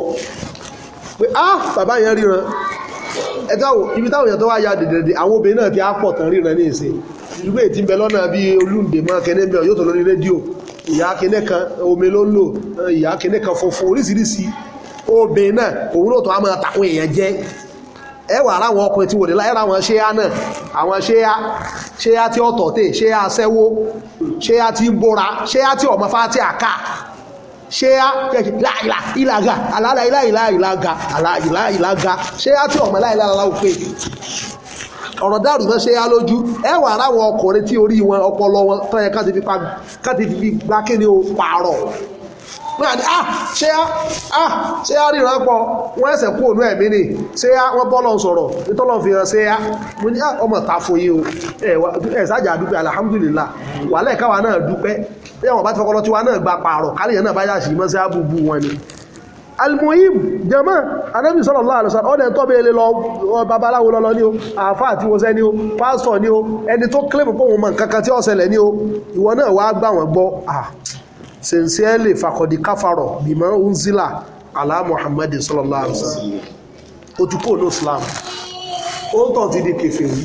[SPEAKER 1] pé ah bàbá yẹn ríran ẹ̀ka ibi táwọn èèyàn tó wá ya dèdèdè àwọn obìnrin náà ti á pọ̀ tán ríran ní ìsìn ìlú ti ń bẹ lọ́nà bí olúǹdè mọ́ kẹ́nẹ́ bẹ́ẹ̀ yóò tó lórí rédíò ìyá kẹ́nẹ́ kan omi ló ń lò ìyá kẹ́nẹ́ kan funfun oríṣiríṣi obìnrin náà òun náà tó á máa takùn èèyàn jẹ́ ẹ wà ara ọkùnrin tí wò ní láyé ra ṣéyá náà àwọn ṣéyá ṣéyá tí ọ̀tọ̀ tè ṣéyá sẹ́wó ṣéyá tí bóra ṣéyá tí ọmọ fá tí àká ṣéyá kẹ́kì láìlà ìlàgà àlàlà ìlàìlà ìlàgà àlàìlà ìlàgà ṣéyà tí ọmọ láìlà aláwọ pé ọ̀rọ̀ dàrú náà ṣéyà lójú ẹ wà ráwọn ọkùnrin tí orí wọn ọpọlọ wọn tó yẹ ká ti fi gba kí ni o pààrọ̀ wọ́n àti ah ṣé ah ṣé a ah, rí ìrọ́pọ̀ wọ́n ẹ̀sẹ̀ kú òun ẹ̀mí ni ṣé a wọ́n bọ́ lọ́n sọ̀rọ̀ nítọ́lọ́ fi hàn ṣé a mo ní ah, ọmọ ta foyé o ẹ̀ sájà dúpẹ́ alhamdulillah wàhálà ìkáwà náà dúpẹ́ bí àwọn bá ti fọkọlọ tiwa náà gba pààrọ̀ káríyàn náà bá yà sí mọ́sí àbúbú wọn ni almuhim jama anabi sallallahu alaihi wasallam ọdẹ tọ́bẹ̀ ilé lọ babaláwo lọ ní o àáfáà tí wọ́n sẹ́ ní o pásítọ̀ ní o ẹni tó kílèmù pé òun mọ̀ nǹkan kan tí ó ṣẹlẹ̀ ní o ìwọ náà wàá gbà wọ́n gbọ́ ah, sincerely fakodi kafaro bímọ unzila ala muhammad sallallahu alaihi wa sallam ojúkò ní islam ó tàn ti di kèfèrí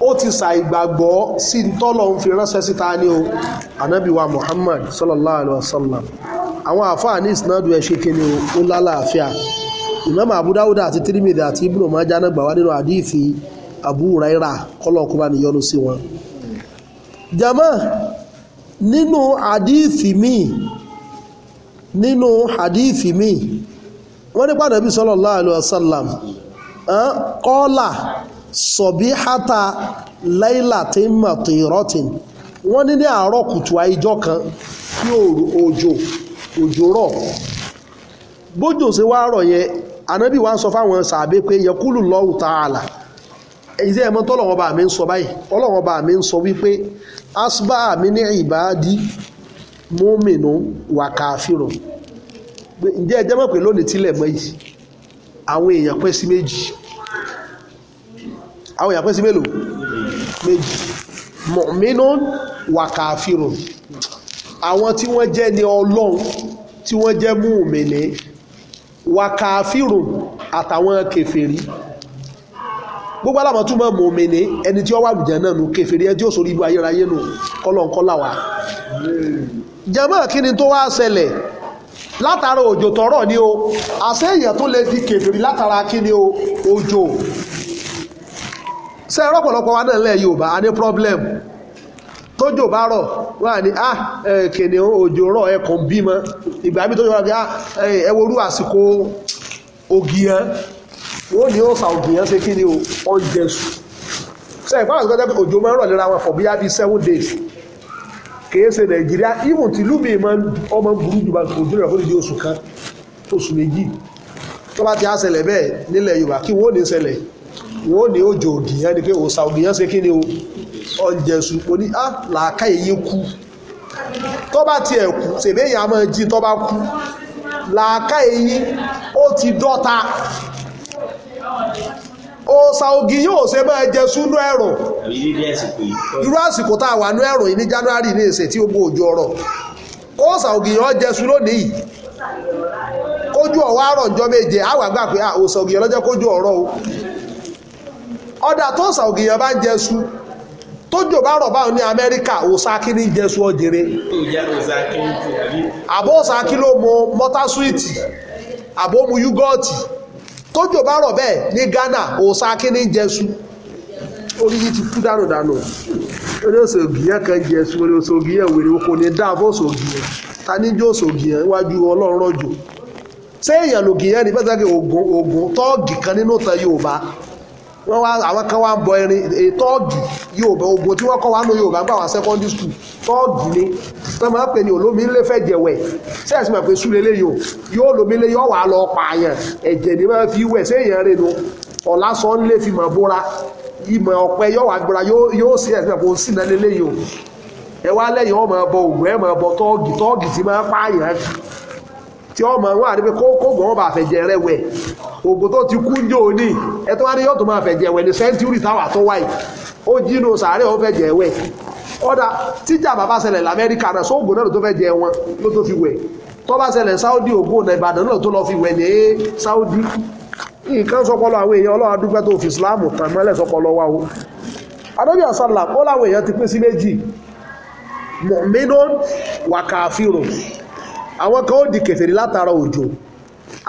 [SPEAKER 1] ó ti ṣàìgbàgbọ́ sí tọ́lọ̀ ń fi ránṣẹ́ síta ní o anábìwa muhammad sallallahu alaihi wa sallam àwọn àfáà ní ìsinádùú ẹ̀ ṣe kíni o ó lálàáfíà ìmáàmù abúdáwúdà àti tírímìdì àti ibnu májá náà gbà wá nínú àdíìsì àbúrò ráírà kọ́lọ́ọ̀kú bá níyọ́nú sí wọn. jama nínú hadithi míì nínú hadithi míì wọ́n nípa nàbí sallallahu alaihi wasallam kọ́là sọ̀bíhátà laylatin matiratin wọ́n ní ní àárọ̀ kùtù àìjọ kan kí òjò òjò rọ̀ bójò ṣe wá rọ̀ yẹn ànábì wá ń sọ fáwọn sàbẹ̀ pé yẹkúlù lọ́wù tààlà èyí tí ẹ̀mọ́ tọ́lọ̀wọ́n bá mi ń sọ báyìí ọlọ́wọ́n bá mi ń sọ wípé asba mi ní ìbáàdí múmìnú wà káfírùn ǹjẹ́ ẹjẹ́ mọ̀ pé lónìí tílẹ̀ mọ́ yìí àwọn èèyàn pẹ́ sí méjì àwọn èèyàn pẹ́ sí mélòó méjì mọ̀mínú wà káfírùn àwọn tí wọ́n jẹ́ ni ọlọ́run tí wọ́n jẹ́ múmìnú wà káfírùn àtàwọn kèfèrí gbogbo alámọ̀ tún mọ̀ mọ̀mẹ́ni ẹni tí ó wà lùjẹ́ náà nù kẹfẹ́rí ẹ tí ó sórí ibú ayérayé nù kọ́lọ̀ńkọ́lá wa jàmá kí ni tó wá ṣẹlẹ̀ látara òjò tọrọ ni o àṣẹ tó lè di kèfèrí látara kí o òjò ṣe ẹ̀rọ wa náà lẹ̀ Yorùbá a ní problem tójò bá rọ̀ wà ní à ah, kìnìún òjò rọ̀ ẹkùn bímọ ìgbà mi tójò rọ̀ bí à ah, ẹwọ́rú àsìkò ògì wọ́n ní ó fa òbíyàn ṣe kí ni o ọ̀jẹ̀ sùn ṣe ìfọwọ́n àti kọ́tẹ́ pé òjò máa ń wọn for bíyá bíi seven days kìí ṣe nàìjíríà even tí lúmi ọmọ burú jù bá òjò rẹ̀ fún ìdí oṣù kan oṣù méjì tó bá ti á ṣẹlẹ̀ bẹ́ẹ̀ nílẹ̀ yorùbá kí wọ́n ní ṣẹlẹ̀ wọ́n ní òjò ògìyàn ni pé òòsà ògìyàn ṣe kí ni o ọ̀jẹ̀ sùn kò ní ah làákà èyí kú tó bá tiẹ̀ kú ṣèbéyàn á máa jí tó bá kú làákà èyí ó ti dọ́ta o ògì yóò ṣe máa jẹ súnú ẹ̀rùn irú àsìkò tá a wà ní ẹ̀rùn yìí ní January ní èsè tí ó gbó òjò ọ̀rọ̀ òòsà ògì yóò jẹ sún lónìí yìí kójú ọ̀wọ́ àárọ̀ ọjọ́ méje àwà gbà pé òòsà ògì yẹn lọ́jọ́ kójú ọ̀rọ̀ o ọ̀dà tó òòsà ògì yẹn bá ń jẹ sún tójò bá rọ̀ báwọn ní Amẹ́ríkà òsàkí ní jẹ́sù ọ̀jẹ̀rẹ̀ àbọ̀ òsàkí ló mọ́tà súwìtì àbọ̀ yúgọ́ọ̀tì tójò bá rọ̀ bẹ́ẹ̀ ní Ghana òòsà kínní jẹ́sú orí ti kú dànù dànù orí òsògì yẹn kan jẹ́sú òsògì yẹn wèrè kò ní dáa òsògì yẹn ta ní òsògì yẹn iwájú ọlọ́run wọ́n wá àwọn kan wá ń bọ irin tọ́ọ̀dù Yorùbá ògbò tí wọ́n kọ́ wá ní Yorùbá ń bá wọn secondary school tọ́ọ̀dù ni wọ́n máa ń pè ní olómi ńlẹ̀ fẹ́ jẹ̀wẹ̀ sẹ́ẹ̀sì máa pè súlélé yìí o yóò lómi lé yóò wà lọ pààyàn ẹ̀jẹ̀ ni máa fi wẹ̀ séèyàn rẹ̀ nu ọ̀la sọ ń lé fi mọ̀ bóra ìmọ̀ ọ̀pẹ yóò wà gbóra yóò sí ẹ̀sìn àpò sínà lélẹ́yìí o ẹ wá lẹ́yìn ọmọ ẹbọ ògùn ẹ mọ ẹbọ tí ọmọ wọn àti pé kókògùn wọn bá fẹ̀jẹ̀ rẹ wẹ̀ ògùn tó ti kú ní òní ẹ tó wá ní yóò tó máa fẹ̀jẹ̀ wẹ̀ ní sẹ́ńtúrì táwà tó wáyé ó jínú sàárẹ̀ ó fẹ̀jẹ̀ wẹ̀ ọ̀dà tíjà bàbá ṣẹlẹ̀ lamẹ́ríkà náà sóògùn náà tó fẹ́ jẹ wọn ló tó fi wẹ̀ tó bá ṣẹlẹ̀ Saudi ògùn náà Ìbàdàn náà tó lọ fi wẹ̀ ní Saudi nǹkan sọpọlọ àwọn èèyàn ọlọ́wà dúpẹ́ tó fi Islamu tàn mọ́lẹ̀ sọpọlọ wa o adọ́bí ọ̀sánlá ó láwọn èèyàn ti pín sí méjì mọ̀mínú wàkàfírò àwọn kan ó di kèfèrí látara òjò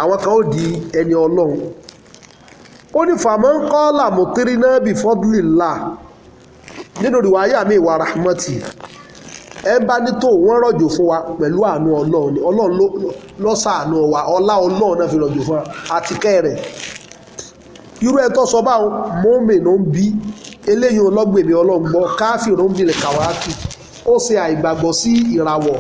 [SPEAKER 1] àwọn kan ó di ẹni ọlọ́run ó ní fàmọ́ ń kọ́ làmùtírí náà bí fọ́dúlì là nínú ìwà ayé àmì ìwà rahmati ẹ bá ní tó wọ́n rọ̀jò fún wa pẹ̀lú àánú ọlọ́run ni ọlọ́run ló ṣàánú wa ọlá ọlọ́run náà fi rọ̀jò fún wa àti kẹ́rẹ̀ irú ẹ̀ tó sọ báwọn mọ́mìnà ń bí eléyìí ọlọ́gbẹ̀mí ọlọ́run gbọ́ káfíìn ló ń bilẹ̀ kàwáàkì ó ṣe àìgbàgbọ́ sí ìràwọ̀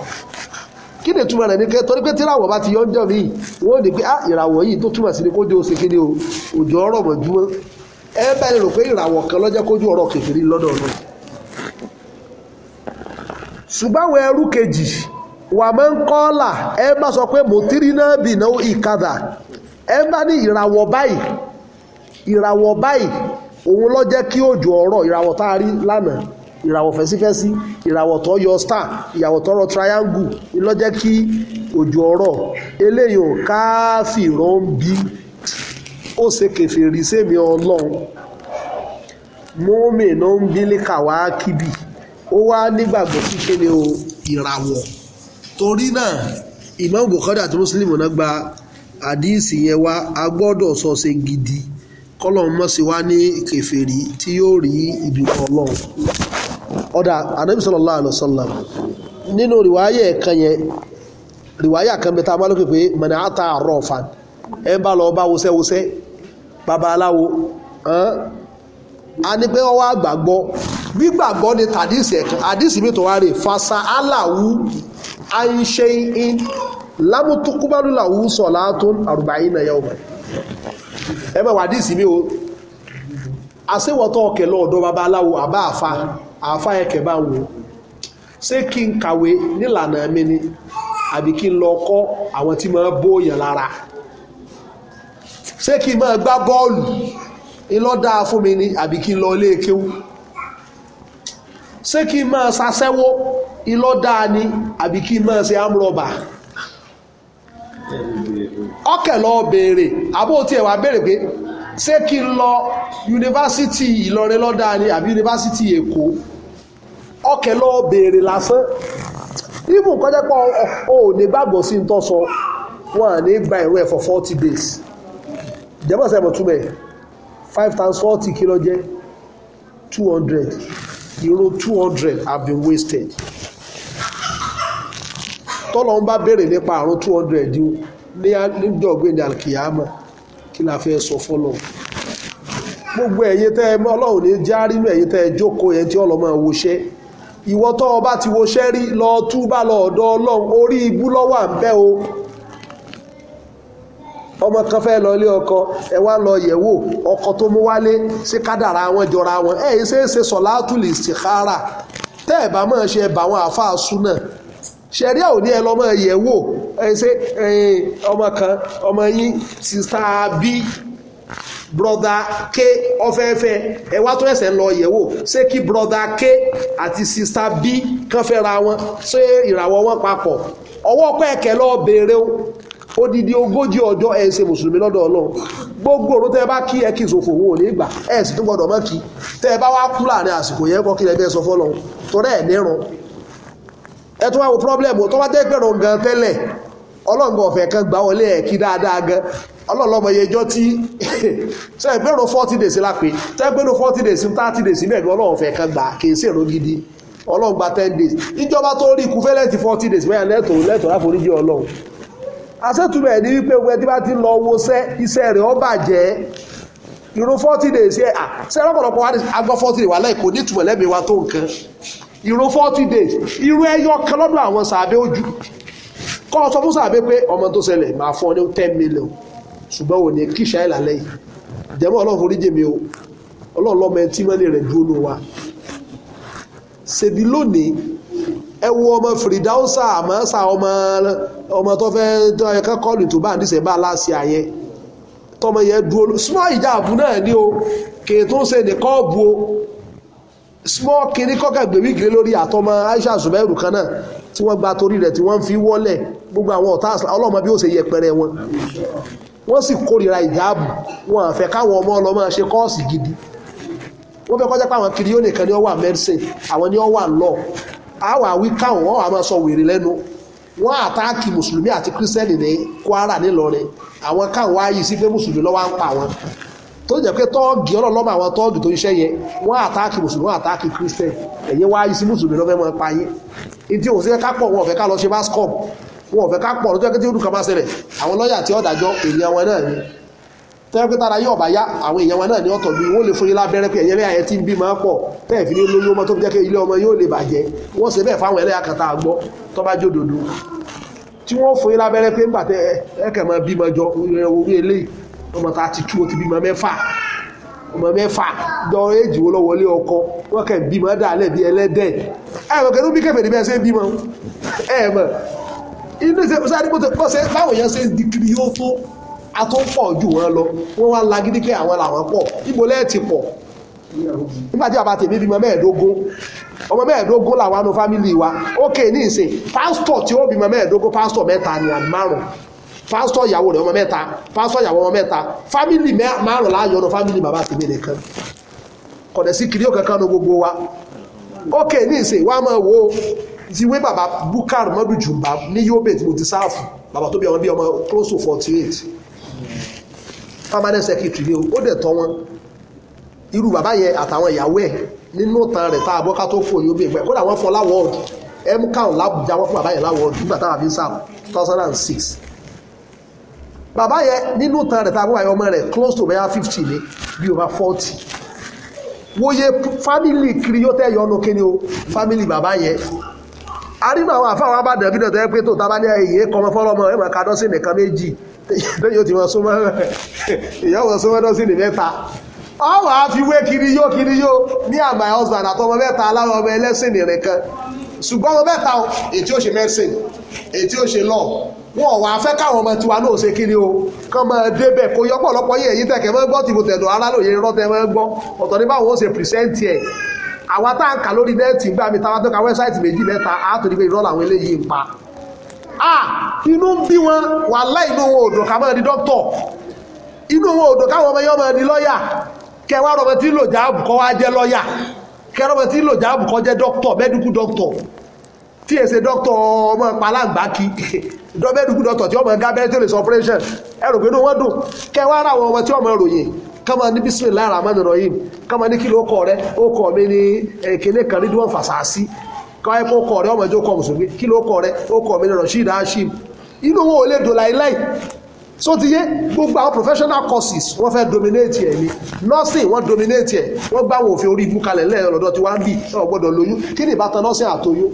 [SPEAKER 1] kí ni túmọ̀ rẹ̀ ní kẹ́ torí pé tíràwọ̀ bá ti yọ́njọ́ mi wọ́n ní pé ah ìràwọ̀ yìí tó túmọ̀ sí ni kójú oṣù kí ni o òjò ọ̀rọ̀ mọ̀júmọ́ ẹ bá lè rò pé ìràwọ̀ kan lọ́jọ́ kójú ọ̀rọ̀ kẹfìrí lọ́dọ̀ ọ̀nà ṣùgbọ́n àwọn ẹrú kejì wà máa ń kọ́ọ̀là ẹ bá sọ pé mòtírí náà bì náà ìkadà ẹ bá ní ìràwọ̀ báyìí ìràwọ̀ báyìí òun ló kí òjò ọ̀rọ̀ ìràwọ̀ tá a rí lánàá ìràwọ̀ fẹsífẹsí ìràwọ̀ tó yọ star ìràwọ̀ tó triangle ló jẹ́ kí òjò ọ̀rọ̀ eléyìí ò káàfì rán bí ó ṣe kèfèrí sẹ́mi ọlọ́run mọ́mì ló ń bílí kàwá kíbi ó wá nígbàgbọ́ sí kéde o ìràwọ̀ torí náà Imam Bukhari àti Muslim náà gba àdíìsì yẹn wá a gbọ́dọ̀ sọ gidi kọ́lọ̀ mọ́ sí wá ní kèfèrí tí yóò rí ibi kan lọ́hùn ọ̀dà anabi sallallahu alaihi wasallam nínú rìwáyà ẹ̀kan yẹn rìwáyà kan bẹ tá a máa lókè pé mọ̀nà àtà àrọ̀ fan ẹ lọ bá wọṣẹ́wọṣẹ́ babaláwo a ní pé ọwọ́ àgbàgbọ́ gbígbàgbọ́ ni tàdísì ẹ̀kan àdísì mi tó wá rè fasa aláwú àìṣe in lámùtúkúbálù làwú sọ̀lá tó àrùbá yìí náà yẹ ọmọ ẹ bá wà àdísì mi o àṣewọ̀tọ̀ àáfà ẹ̀kẹ́ bá wò ṣé kí n kàwé nílànà mi ni àbí kí n lọ kọ́ àwọn tí máa bóyàn lára ṣé kí n máa gbá bọ́ọ̀lù ilọ́ fún mi ni àbí kí n lọ ilé kéwú ṣé kí n máa ṣaṣẹ́wó ilọ́ dáa ni àbí kí n máa ṣe amúrọ̀bà ọkẹ̀ lọ béèrè àbó tiẹ̀ wá béèrè pé ṣé kí n lọ yunifásitì Ìlọrin lọ́dà ni àbí yunifásitì Èkó ọkẹ́ lọ béèrè lásán ibù kọjá pọ̀ ò ní gbàgbọ́ sí tó sọ wọn à ní gba ìwé for forty days jẹ́mọ̀ sẹ́mọ̀ túmẹ̀ five times forty kí ló jẹ́ two hundred euro two hundred have been wasted tọ́lọ́ ń bá béèrè nípa àrùn two hundred ní níjọ́ gbẹ̀ndẹ̀ alkiyama kí la fẹ́ sọ fọ́lọ̀ gbogbo ẹ̀yin tẹ́ ẹ mọ́ ọlọ́run ní já rínú ẹ̀yin tẹ́ ẹ jókòó yẹn tí ọlọ́mọ woṣẹ́ ìwọ tó o bá ti woṣẹ́ rí lọ tú bá lọ ọ̀dọ̀ ọlọ́run orí ibú lọ́wọ́ à ń bẹ́ o ọmọ kan fẹ́ lọ ilé ọkọ ẹ wá lọ yẹ̀wò ọkọ tó mú wálé sí kádàrá wọn jọra wọn ẹ̀ ṣe é ṣe sọ̀látùlì istikhara tẹ́ ẹ̀ bá máa ṣe ẹ̀ bá wọn ṣẹ̀rí àwọn ní ẹlọ́mọ ẹ̀yẹ̀wò ẹ̀ṣẹ́ ọmọ kan ọmọ yín sista b brother k ọ̀fẹ́fẹ́ ẹ wá tó ẹ̀sẹ̀ ń lọ yẹ̀wò ṣé kí broda k àti sista b kan fẹ́ra wọn ṣé ìràwọ̀ wọn papọ̀ ọwọ́ pẹ́ ẹ̀kẹ́ lọ́ọ́ béèrè o odidi ogójì ọjọ́ ẹ̀ ṣe mùsùlùmí lọ́dọ̀ ọlọ́run gbogbo òru tẹ́ bá kí ẹ kí ìṣòfò owó ní ìgbà ẹ̀ sì tún gbọ́dọ̀ mọ́ kí tẹ́ bá wá kú láàrin àsìkò yẹn kọ́ kí ẹ bẹ́ẹ̀ sọ fọ́lọ́run torí ẹ̀ nírun ẹ tún problem tó bá jẹ́ gan tẹ́lẹ̀ ọlọ́ngbọ̀n ọ̀fẹ́ kan gbà wọlé dáadáa gan ọlọ́lọ́mọ iye tí ṣe 40 days lápé tẹ́ 40 days 30 days mẹ́rin ọlọ́run kan gbà kì sí èrò gidi 10 days ìjọba tó rí ikú days mẹ́rin lẹ́tọ̀ lẹ́tọ̀ láforíjì ọlọ́run ìró forty days ìró ẹyọ kan lọ́dọ̀ àwọn sàbẹ̀ ojú kọ́ ọ sọ fún sàbẹ̀ pé ọmọ tó ṣẹlẹ̀ máa fọ́ ní ten million ṣùgbọ́n òní kíṣà ìlà lẹ́yìn jẹ́mọ́ ọlọ́run foríjì mi o ọlọ́run lọ́mọ ẹtí mọ́lẹ̀ rẹ̀ dúró wa ṣèbí lónìí ẹ wo ọmọ fìrìdáùsà àmọ́sà ọmọ ọmọ tó fẹ́ ẹ̀ka kọ́ọ̀lù tó bá ń díṣẹ́ bá láṣẹ àyẹ tọmọ yẹn dúró small ìjàmbù náà ní o kì í tún ṣe nìkan ọ̀bù o small kiri kọ́kà gbèmí gírí lórí àtọmọ Aisha Zubairu kan náà tí wọ́n gba torí rẹ̀ tí wọ́n fi wọ́lẹ̀ gbogbo àwọn ọ̀tá ọlọ́mọ bí ó ṣe yẹpẹrẹ wọn wọ́n sì kórìíra ìjáàbù wọn àfẹ́ káwọn ọmọ ọlọ́mọ ṣe kọ́ọ̀sì gidi wọ́n fẹ́ kọjá pé àwọn kiri yóò nìkan ni ó wà medicine àwọn ni ó wà law àwa wí káwọn wọn wà máa sọ wèrè lẹ́nu wọ́n àtáàkì mùsùlùmí àti kírísítẹ́nì ní Kwara nílọrin àwọn káwọn wáyé sí pé mùsùlùmí lọ́wọ́ à ń pa wọn tó jẹ́ pé tọ́ọ̀gì ọlọ́lọ́mọ àwọn tọ́ọ̀gì tó iṣẹ́ yẹ wọ́n àtáàkì mùsùlùmí wọ́n àtáàkì christian ẹ̀yẹ wá yí sí mùsùlùmí lọ́fẹ́ mọ́ pa yín ìdí òsì ká pọ̀ wọn ò fẹ́ ká lọ ṣe bascom wọn ò fẹ́ ká pọ̀ lọ́jọ́ kékeré kan bá ṣẹlẹ̀ àwọn lọ́ọ̀yà tí ọ̀dàjọ́ èèyàn wọn náà ni tẹ́lẹ̀ pé tára yóò bá yá àwọn èèyàn wọn náà ní ọ̀tọ̀ bí wọ́n lè fún yín lábẹ́rẹ́ pé ẹ̀yẹ́lẹ́yà ẹ̀ tí ń bí máa pọ̀ tẹ́ẹ̀ fi ní olóyún ọmọ tó jẹ́ kí ilé ọmọ yóò lè bàjẹ́ wọ́n ṣe bẹ́ẹ̀ fáwọn ẹlẹ́yà kan tá a gbọ́ tó bá jódodo tí wọ́n fún yín lábẹ́rẹ́ pé ń bàtẹ́ ẹ̀kẹ́ máa bímọ jọ orí eléyìí ọmọ tá a ti tú o ti bímọ mẹ́fà ọmọ mẹ́fà jọ éjì wo lọ wọlé ọkọ wọn kàn bímọ dàlẹ́ bí ẹlẹ́dẹ̀ ẹ mọ̀ kẹ́nu bí kẹfẹ́ níbẹ̀ ṣe ń bímọ ẹ mọ̀ inú ṣe sáré bó ṣe kọ́ ṣe báwọn yẹn ṣe ń dikiri yóò tó a tó pọ̀ ju wọn lọ wọn wá lagídí pé àwọn làwọn pọ̀ ibo lẹ́ẹ̀tì pọ̀ nígbà tí bàbá tèmi bímọ mẹ́ẹ̀ẹ́dógún ọmọ mẹ́ẹ̀ẹ́dógún làwọn anú fámìlì wa ókè ní ìsìn pásítọ̀ tí ó bímọ mẹ́ẹ̀ẹ́dógún pásítọ̀ mẹ́ta ni àmì márùn-ún pásítọ̀ ìyàwó rẹ̀ ọmọ mẹ́ta pásítọ̀ ìyàwó ọmọ mẹ́ta fámìlì márùn láàyò ọ̀nà fámìlì bàbá àti ìbéèrè kan kọ̀dẹ̀ sí kiri kankan ní gbogbo wa ok ní ìsìn wa máa wo ìwé bàbá bukar mọ́dù jùmbá ní Yobe tí mo ti sáàfù bàbá tó bí ọmọ bí ọmọ close to forty eight permanent secretary ni ó dẹ̀ tọ́ wọn irú bàbá yẹn àtàwọn ìyàwó ẹ̀ nínú ìtàn rẹ̀ tá a bọ́ ká tó fò Yobe pẹ̀ kódà wọ́n fọ́ láwọ́ọ̀dù mcan lábùjá wọ́n fún bàbá yẹn láwọ́ọ̀dù nígbà táwọn fi ń two thousand and six bàbá yẹn nínú tan rẹ̀ tàbí wáyé rẹ̀ close to bẹ́yà fifty ni bí over forty wòye family kiri yóò tẹ́ yọnu kí ni o family bàbá yẹn arínú àwọn àfáwọn abàdàn bí dọ̀tẹ́ pé tó tábà ní ẹ̀yẹ kọmọ fọlọ́mọ ẹ̀ mọ̀ ká dọ́sìn nìkan méjì lẹ́yìn tí wọ́n súnmọ́ ìyá wọn súnmọ́ dọ́sìn ní mẹ́ta ọwọ́ àfiwé kiri yóò kiri yóò ní àmà ọ̀sán àtọmọ mẹ́ta aláwọ̀ ọmọ ẹlẹ́sìn nìkan ṣùgbọ́n ọmọ mẹ́ta ètí ó ṣe mẹ́sìn ètí ó ṣe lọ́ọ̀ wọn ò wá fẹ́ káwọn ọmọ tiwa náà ṣe o kàn máa débẹ̀ kó yọ pọ̀lọpọ̀ yìí èyí tẹ̀kẹ́ mọ́ gbọ́ tìbò tẹ̀dọ̀ alálòye rọ́tẹ̀ mọ́ gbọ́ ọ̀tọ̀ ní báwọn ó ṣe pìrìsẹ́ǹtì ẹ̀ àwa tá à ń kà lórí ka méjì mẹ́ta á tó ní pé irọ́ làwọn eléyìí ń pa inú ń bí wọn ká máa di dókítọ̀ inú tí è ṣe dókítà ọmọ palágbáki dọ́bẹ́dùkú dókítà tí ọmọ gábẹ́rẹ́ tí operation ẹrù pé ní wọ́n dùn kẹwàá ara àwọn ọmọ tí ọmọ ròyìn kama ní bismillah rahman rahim kama ní kí ló kọ rẹ ó kọ mi ní èkéle kan ní díwọ̀n fàṣàṣì káwáyé kó kọ rẹ ọmọ ẹjọ́ kọ mùsùlùmí kí ló kọ rẹ ó kọ mi ní rasheed hashim inú wọn ò lè dò láìláì so ti yé gbogbo àwọn professional courses wọ́n fẹ́ dominate ẹ̀ ni nursing wọ́n dominate ẹ̀ wọ́n gbá àwọn òfin orí ibú kalẹ̀ lẹ́yìn ọ̀dọ̀ tí wọ́n ń bì ọ̀ lóyún kí ni ìbátan nursing àtoyún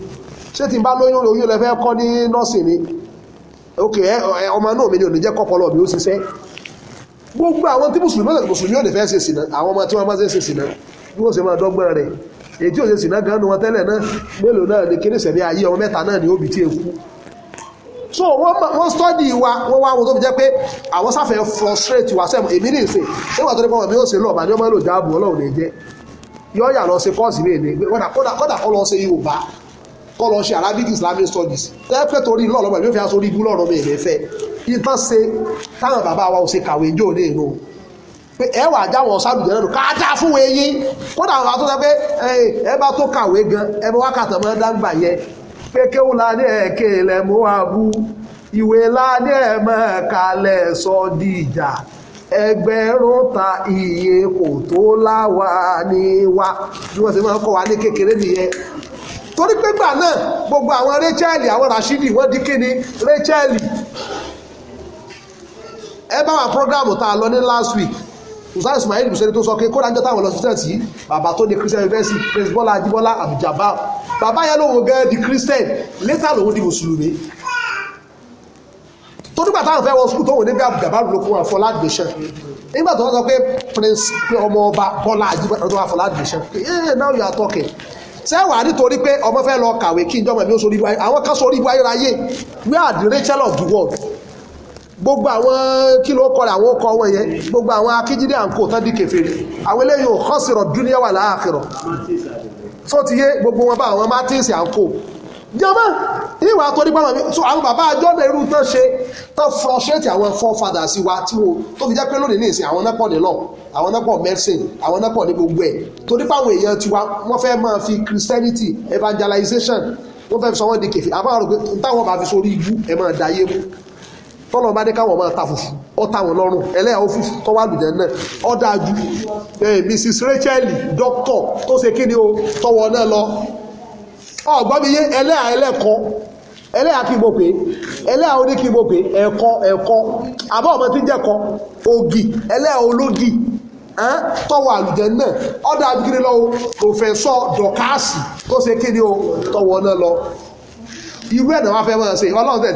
[SPEAKER 1] ṣé tí n bá lóyún oyún lẹ fẹ́ kọ́ ní nọ́ọ̀sì ni ok ọmọ náà mi ni ò ní jẹ́ kọ́pọ̀lọ́ mi ó ṣiṣẹ́ gbogbo àwọn tí mùsùlùmí ọ̀sẹ̀ mùsùlùmí ò fẹ́ ṣe sìnà àwọn ọmọ tí wọ́n máa ń ṣe sìnà bí wọ́n ṣe máa dọ́gbọ́n rẹ̀ èyí tí ò ṣe sìnà gan-an wọn tẹ́lẹ̀ náà mélòó náà ni kérésì ní ayé ọmọ mẹ́ta náà ni ó bì tí èkú so wọ́n study wa wọ́n wá wọn tó fi jẹ́ pé àwọn sáfẹ́ frustrate wa sẹ́mu èmi ní ṣé wà tó ní pọ́nmọ́ mi ó ṣe lọ́ọ̀bà ni wọ́n máa ń ọlọ́run ní jẹ́ yọ́ọ̀yà lọ ṣe kọ́ọ̀sì mi ní kódà kódà kọ́ lọ ṣe Yorùbá kọ́ ṣe Arabic Islamic studies tẹ́fẹ́ torí lọ́ọ̀lọ́ bàbá yóò fi aṣọ orí ibú lọ́ọ̀rọ̀ mi ìrẹ́fẹ́ ìtàn ṣe táwọn bàbá wa ò ṣe kàwé jò ní inú pé ẹ wà jáwọn sábìjẹ́ lẹ́nu káàtà fún wọn eyín kódà bàbá tó sọ pé ẹ bá tó kàwé gan ẹ bá wákàtà mọ́ dágbà yẹn pé kéwùlá ní ẹ̀kẹ́ ilẹ̀ mú wa bú ìwé ládé ẹ̀ mọ́ kalẹ̀ sọ di ìjà ẹgbẹ̀rún ta iye kò tó láwa ní wa bí wọ́n ṣe máa ń kọ́ wa ní kékeré nìyẹn torí pé gbà náà gbogbo àwọn Rachel àwọn Rashidi wọ́n di kíni Rachel ẹ bá wà prógrámù tá a lọ ní last week usman ismail museni tó sọ pé kódà ń jọ táwọn lọ sí tẹ̀sí bàbá tó di christian university prince bọ́lá ajíbọ́lá àbújábá bàbá yẹn lòun gẹ́ di christian later lòun di mùsùlùmí tó nígbà táwọn fẹ́ wọ sukùl tó wọ́n níbi àbújábá ló fún wọn fọlá admission nígbà tó wọ́n sọ pé prince ọmọ ọba bọ́lá ajíbọ́lá fọlá admission pé yeah now you are talking sẹ́wàá nítorí pé ọmọ fẹ́ lọ kàwé kí ìjọba mi ó sórí ibu àwọn kan sórí ibu ayé we are the Rachel of the world gbogbo àwọn kí ló kọrẹ àwọn ọkọ wọn yẹn gbogbo àwọn akíjídé à ń kó tán di kèfèrí àwọn eléyìí ò kọ́ sírọ̀ dúníyà wà láàkìrọ̀ tó ti yé gbogbo wọn bá àwọn mátìsì à ń kó jọba ìwà tó nípa wọn so àwọn bàbá àjọ ẹrú tán ṣe tán frustrate àwọn forefathers wa tí wo tó fi jẹ́ pé lónìí nìsín àwọn nẹ́pọ̀ nílọ àwọn nẹ́pọ̀ medicine àwọn nẹ́pọ̀ ní gbogbo ẹ̀ torí pé àwọn èèyàn tiwa wọ́n fẹ́ máa fi christianity evangelization wọ́n fẹ́ sọ wọ́n di kẹfì àbá rò pé táwọn bá fi sórí ibú ẹ̀ máa da ayé mú tọ́lọ̀ bá dé káwọn máa ta fùfù ọ táwọn lọ́rùn ẹlẹ́yà ó fùfù tó wà lùdẹ̀ náà ọ dáa ju eh, Mrs Rachel doctor tó ṣe kí ni o tọwọ́ náà lọ ọ̀gbọ́miyé ẹlẹ́à ẹlẹ́kọ́ ẹlẹ́à kí gbò pé ẹlẹ́à oní kí gbò pé ẹ̀kọ́ ẹ̀kọ́ àbọ̀ ọmọ tí ń jẹ́kọ́ ògì ẹlẹ́à ológì tọwọ́ àlùjẹ́ náà ọ̀dà àbíkiri lọ́wọ́ pòfẹ́sọ̀ dọ̀káàsì tó ṣe kí ni o tọwọ́ náà lọ irú ẹ̀ náà wá fẹ́ máa ṣe ọlọ́run tẹ̀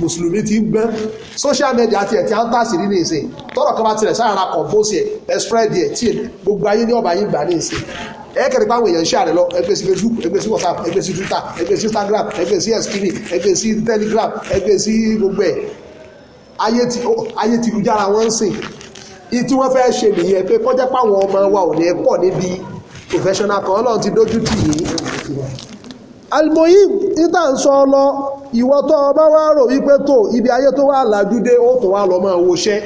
[SPEAKER 1] mùsùlùmí ti ń gbọ́n social media tiẹ̀ ti ń tàṣírí ní ìsìn tọ́rọ̀ kan bá tilẹ̀ sára kọ̀ bó ṣe ẹ̀ spread ẹ̀ tí gbogbo ayé ní ọ̀bà yìí gbà ní ìsìn ẹ̀ẹ́kẹ̀rẹ̀ pàwọn èèyàn ń ṣàrẹ̀ lọ ẹgbẹ́ sí facebook ẹgbẹ́ sí whatsapp ẹgbẹ́ sí twitter ẹgbẹ́ sí instagram ẹgbẹ́ sí skini ẹgbẹ́ sí telegram ẹgbẹ́ sí gbogbo ẹ̀ ayé ti lùjára wọn ń sìn ìtí wọ́n fẹ́ ṣe nìyẹn pé kọjá pàwọn ọmọ wa ò ní pọ̀ níbi professional kan ọlọ́run ti dójú tì yìí almohim níta ń sọ lọ ìwọ tó o bá wá rò wípé tó ibi ayé tó wà lájúdé ó tó wá lọ máa wo iṣẹ́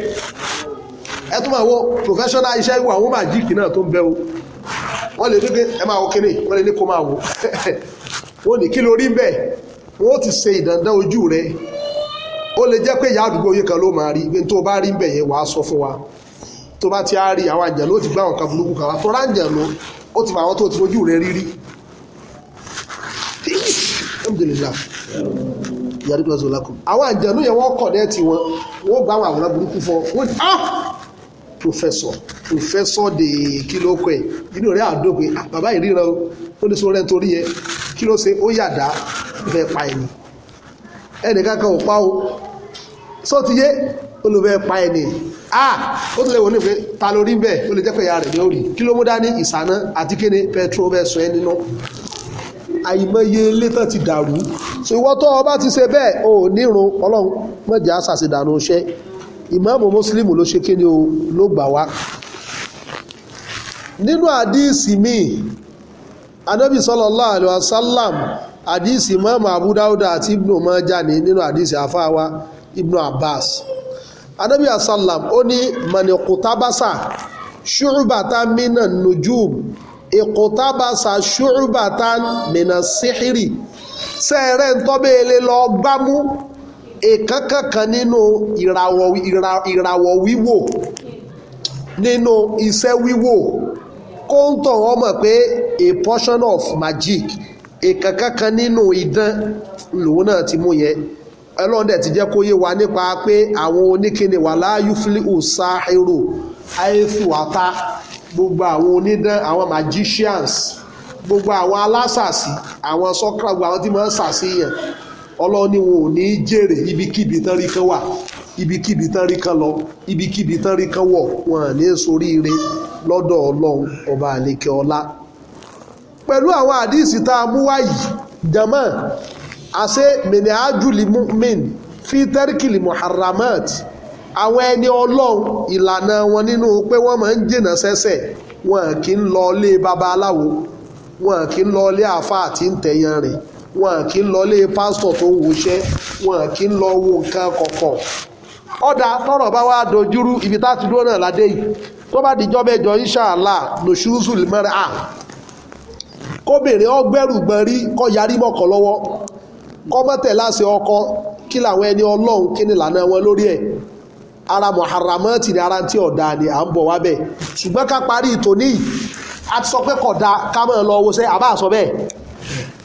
[SPEAKER 1] ẹ tó máa wo professional iṣẹ́ ìwà àwọn màjíìkì náà tó ń bẹ o wọ́n lè ní pé ẹ máa wo kíní wọ́n lè ní kó máa wo wọ́n ní kí lórí ń wọ́n ti ṣe ìdàndán ojú rẹ̀ ó lè jẹ́ pé ìyá àdúgbò yìí kan ló máa rí pé tó bá rí ń yẹn wàá sọ fún wa tó bá ti á rí àwọn àjàló ti gbá àwọn kan burúkú kan wá tó ráǹjẹ̀ lọ ó ti fà àwọn tó ti fojú rẹ̀ rírí alhamdulillah yàrá ìgbà zọlá kù àwọn àjẹnú yẹn wọ́n kọ̀ dẹ́ẹ̀tì wọn wọ́n gba àwọn àwòrán burúkú fọ ah professor professor de kilo ló kọ ẹ̀ inú rẹ̀ àdó pé ah, bàbá yìí ríran ó ní sọ́rẹ́ nítorí yẹ kí ló ṣe ó yàdá fẹ́ pa ẹni ẹnì kankan pa o sọ ti yé olùfẹ́ pa ẹni ah ó tún lè wò ní pé ta lórí bẹ́ẹ̀ ó lè jẹ́ pé ìyá rẹ̀ ni ó rí kí ló mú dání ìsáná àti petrol bẹ́ẹ̀ sọ ẹ́ nínú àìmọye ilé tán ti dàrú so ìwọ tó o bá ti ṣe bẹ́ẹ̀ o ò nírun ọlọ́run mọ̀jà ṣàṣìdànù iṣẹ́ ìmáàmù mùsùlùmí ló ṣe kíni o ló gbà wá. nínú àdíìsì míì anábì sallallahu alaihi wasallam àdíìsì ìmáàmù Abu Dawud àti Ibnu Majah ní nínú àdíìsì àfáàwá Ibnu Abbas anábì sallam ó ní mọ̀nìkù tábàṣà ṣùgbàtà mínà nùjúùmù ìkùtábàṣà ṣùrùbàtà mìnà síhìrì sẹ́ẹ̀rẹ́ ntọ́bẹ̀ èlé lọ gbámú ìkankankan nínú ìràwọ̀ wíwò nínú iṣẹ́ wíwò kó ń tàn wọ́n mọ̀ pé a portion of magic ìkankankan nínú idán lòun náà ti mú yẹn ọlọ́run dẹ̀ ti jẹ́ kó yé wa nípa pé àwọn oníkíni wà láàyè fúlíù sáà gbogbo àwọn onídán àwọn magicians gbogbo àwọn alásàsí àwọn sọ́kà gbogbo àwọn tí wọ́n ń sàṣeyàn ọlọ́ni wọn ò ní í jèrè ibikíbi tán rí kan wà ibikíbi tán rí kan lọ ibikíbi tán rí kan wọ̀ wọn ní soríire lọ́dọ̀ ọlọ́run ọba àlekè ọlá pẹ̀lú àwọn àdíìsì tá a mú wáyìí jama àṣẹ mẹ̀nìájú limu min fi tẹ́ríkìlì muharramat àwọn ẹni ọlọ́run ìlànà wọn nínú pé wọ́n máa ń jìnà sẹ́sẹ̀ wọn kì í lọ ilé babaláwo wọn kì í lọ ilé àáfàá àti ntẹ̀yàn rìn wọn kì í lọ ilé pásítọ̀ tó ń wòṣẹ́ wọn kì í lọ wo nǹkan kọ̀ọ̀kan ọ̀dà tọ́rọ̀ bá wá dojúrú ibi tá a ti dúró náà ládé yìí tó bá dijọ́ mẹ́jọ inṣàlá lòṣùṣù lẹ́mẹ́rẹ́ à kóbìnrin ọgbẹ́rù gbọ́n rí kọ́ yarí mọ́kàn lọ́wọ́ kọ́mọ́tẹ̀ láṣẹ ọkọ kí làwọn ẹni ọlọ́run kí ni lànà wọn lórí ẹ̀ ara mọ̀hàrámọ́tì ni ara tí ọ̀dà ni à ń bọ̀ wá bẹ́ẹ̀ ṣùgbọ́n ká parí ìtòní a ti sọ pé kódà ká máa lọ owó sẹ́ àbá sọ bẹ́ẹ̀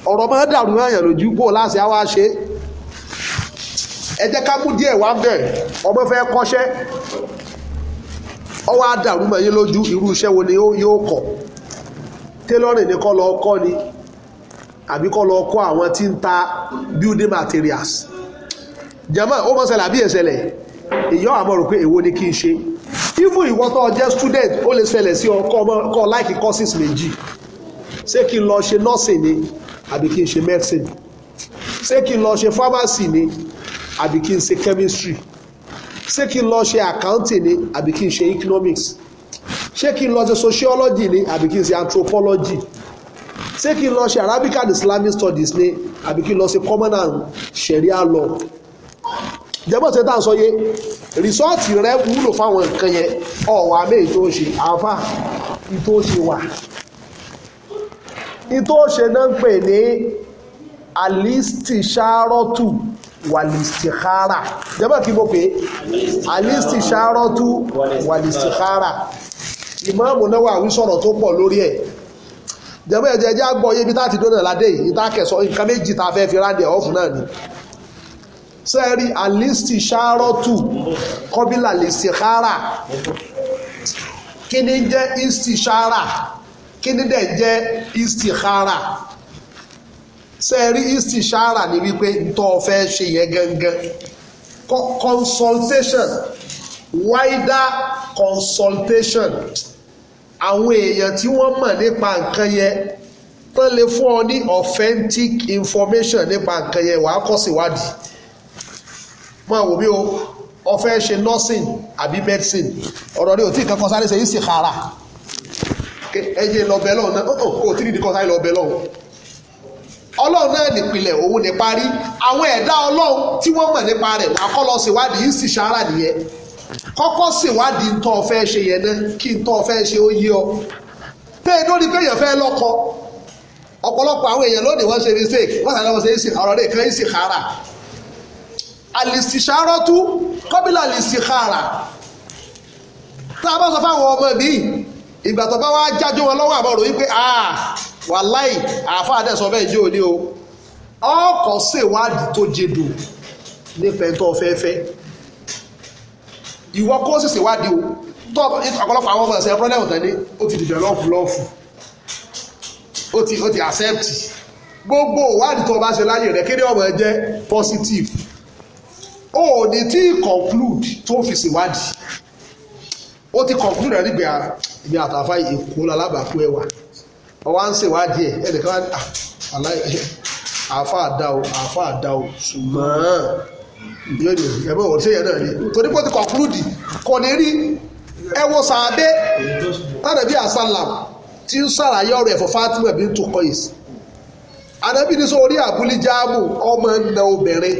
[SPEAKER 1] ọ̀rọ̀ máa dàrú àyàn lójú bò láti àwa ṣe ẹ jẹ́ ká mú díẹ̀ wá bẹ̀ ọmọ fẹ́ kọ́ṣẹ́ ọwọ́ àdàrú mọ̀ yín lójú irú iṣẹ́ wo ni yóò kọ̀ tailoring ni kọ́ lọ kọ́ ni àbí kọ́ lọ kọ́ àwọn tí ń ta building materials jama ó mọ̀ ṣẹlẹ̀ àbí ẹ̀ṣẹ̀lẹ̀ èyí àmọ́ rò pé èwo ni kí n ṣe even ìwọ tó jẹ́ student ó lè ṣẹlẹ̀ sí ọkọ ọmọ kọ láìkí courses méjì ṣé kí n lọ ṣe nursing ni àbí kí n ṣe medicine ṣé kí n lọ ṣe pharmacy ni àbí kí n ṣe chemistry ṣé kí n lọ ṣe accounting ni àbí kí n ṣe economics ṣé kí n lọ ṣe sociology ni àbí kí n ṣe anthropology ṣé kí n lọ ṣe arabic and islamic studies ni àbí kí n lọ ṣe common and sharia law jẹ́bọ̀ ṣe tá à ń sọ yé rìsọ́ọ̀tì rẹ wúlò fáwọn nǹkan yẹn ọ̀wà méjì tó ń ṣe àáfà ìtó ṣe wà ìtó ṣe náà ń pè ní alistisharotu walistihara jẹ́bọ̀ kí mo pè alistisharotu walistihara ìmáàmù Nawawi sọ̀rọ̀ tó pọ̀ lórí ẹ̀ jẹ́bọ̀ ẹ̀jẹ̀ jẹ́ àgbọ̀ yé ibi tá a ti dóná ládé yìí ìta kẹsọ̀ nǹkan méjì tá a fẹ́ fi ráńdẹ̀ ọ̀fun náà ni sẹ́ẹ̀rí àlìsì ṣàrọ́tù kọ́bílà lèsì xara kí ni jẹ́ ìsì ṣara kí ni dẹ̀ jẹ́ ìsì xara sẹ́ẹ̀rí ìsì ṣara ni wípé ntọ́ fẹ́ ṣe yẹn gangan consultation wider consultation àwọn èèyàn tí wọ́n mọ̀ nípa nǹkan yẹn tán lè fún ọ ní authentic information nípa nǹkan yẹn wàá kọ́ síwádìí mọ́ wò bí o ọfẹ́ ṣe nursing àbí medicine ọ̀rọ̀ rẹ ò tí kankan sáré ṣe istikhara ẹyẹ lọ bẹ lọ́hùn náà ó tí nìkan sáré lọ bẹ lọ́hùn ọlọ́run náà nípìnlẹ̀ òun ní parí àwọn ẹ̀dá ọlọ́run tí wọ́n mọ̀ nípa rẹ̀ wà kọ́ lọ ṣèwádìí istikhara nìyẹn kọ́kọ́ ṣèwádìí ntọ́ ọfẹ́ ṣe yẹn náà kí ntọ́ ọfẹ́ ṣe ó yé ọ tẹ́ ẹ e lórí pé èèyàn fẹ́ lọ́kọ ọ̀pọ̀lọpọ̀ àwọn èèyàn lónìí wọ́n ṣe mistake wọ́n sáré wọ́n ṣe istikhara ọ̀rọ̀ rẹ̀ kan istikhara àlìsìṣàrọ́tú kọ́bílà àlìsìkàrà tá a bá sọ fáwọn ọmọ mi ìgbà tó bá wá jájú wọn lọ́wọ́ àbọ̀ ròyìn pé ah wàláì àáfàá dẹ̀ sọ bẹ́ẹ̀ jẹ́ òní o ọkọ̀ ṣèwádìí tó jedò nípa ẹ̀tọ́ fẹ́fẹ́ ìwọ kó sì ṣèwádìí o tó ọ̀pọ̀lọpọ̀ àwọn ọmọ ẹ̀sẹ̀ pọ́lẹ́mù tẹ́lẹ̀ ó ti develop lọ́ọ̀fù ó ti ó ti accept gbogbo ìwádìí tó o bá ṣe láyé rẹ̀ kéde ọmọ ẹ jẹ́ positive ó ò ní tí conclude tó fi ṣèwádìí ó ti conclude rẹ̀ nígbà ìgbà àtàfà èkó lálábàápọ̀ ẹ̀wà ọwọ́ à ń ṣèwádìí ẹ̀ ẹnìkan wá ní àfa àdá o àfa àdá o ṣùgbọ́n yóò ní ẹ̀bẹ̀ wọ̀ ṣé yẹn náà rí torí pé ó ti conclude kò ní rí ẹ wo sàádé tàbí àsálàm tí ń ṣàlàyé ọ̀rọ̀ ẹ̀fọ́ Fatima bí ń tó kọ́ yìí sí àdàbí ní sọ orí àbúlí jáàmù ọmọ ẹ̀ na obìnrin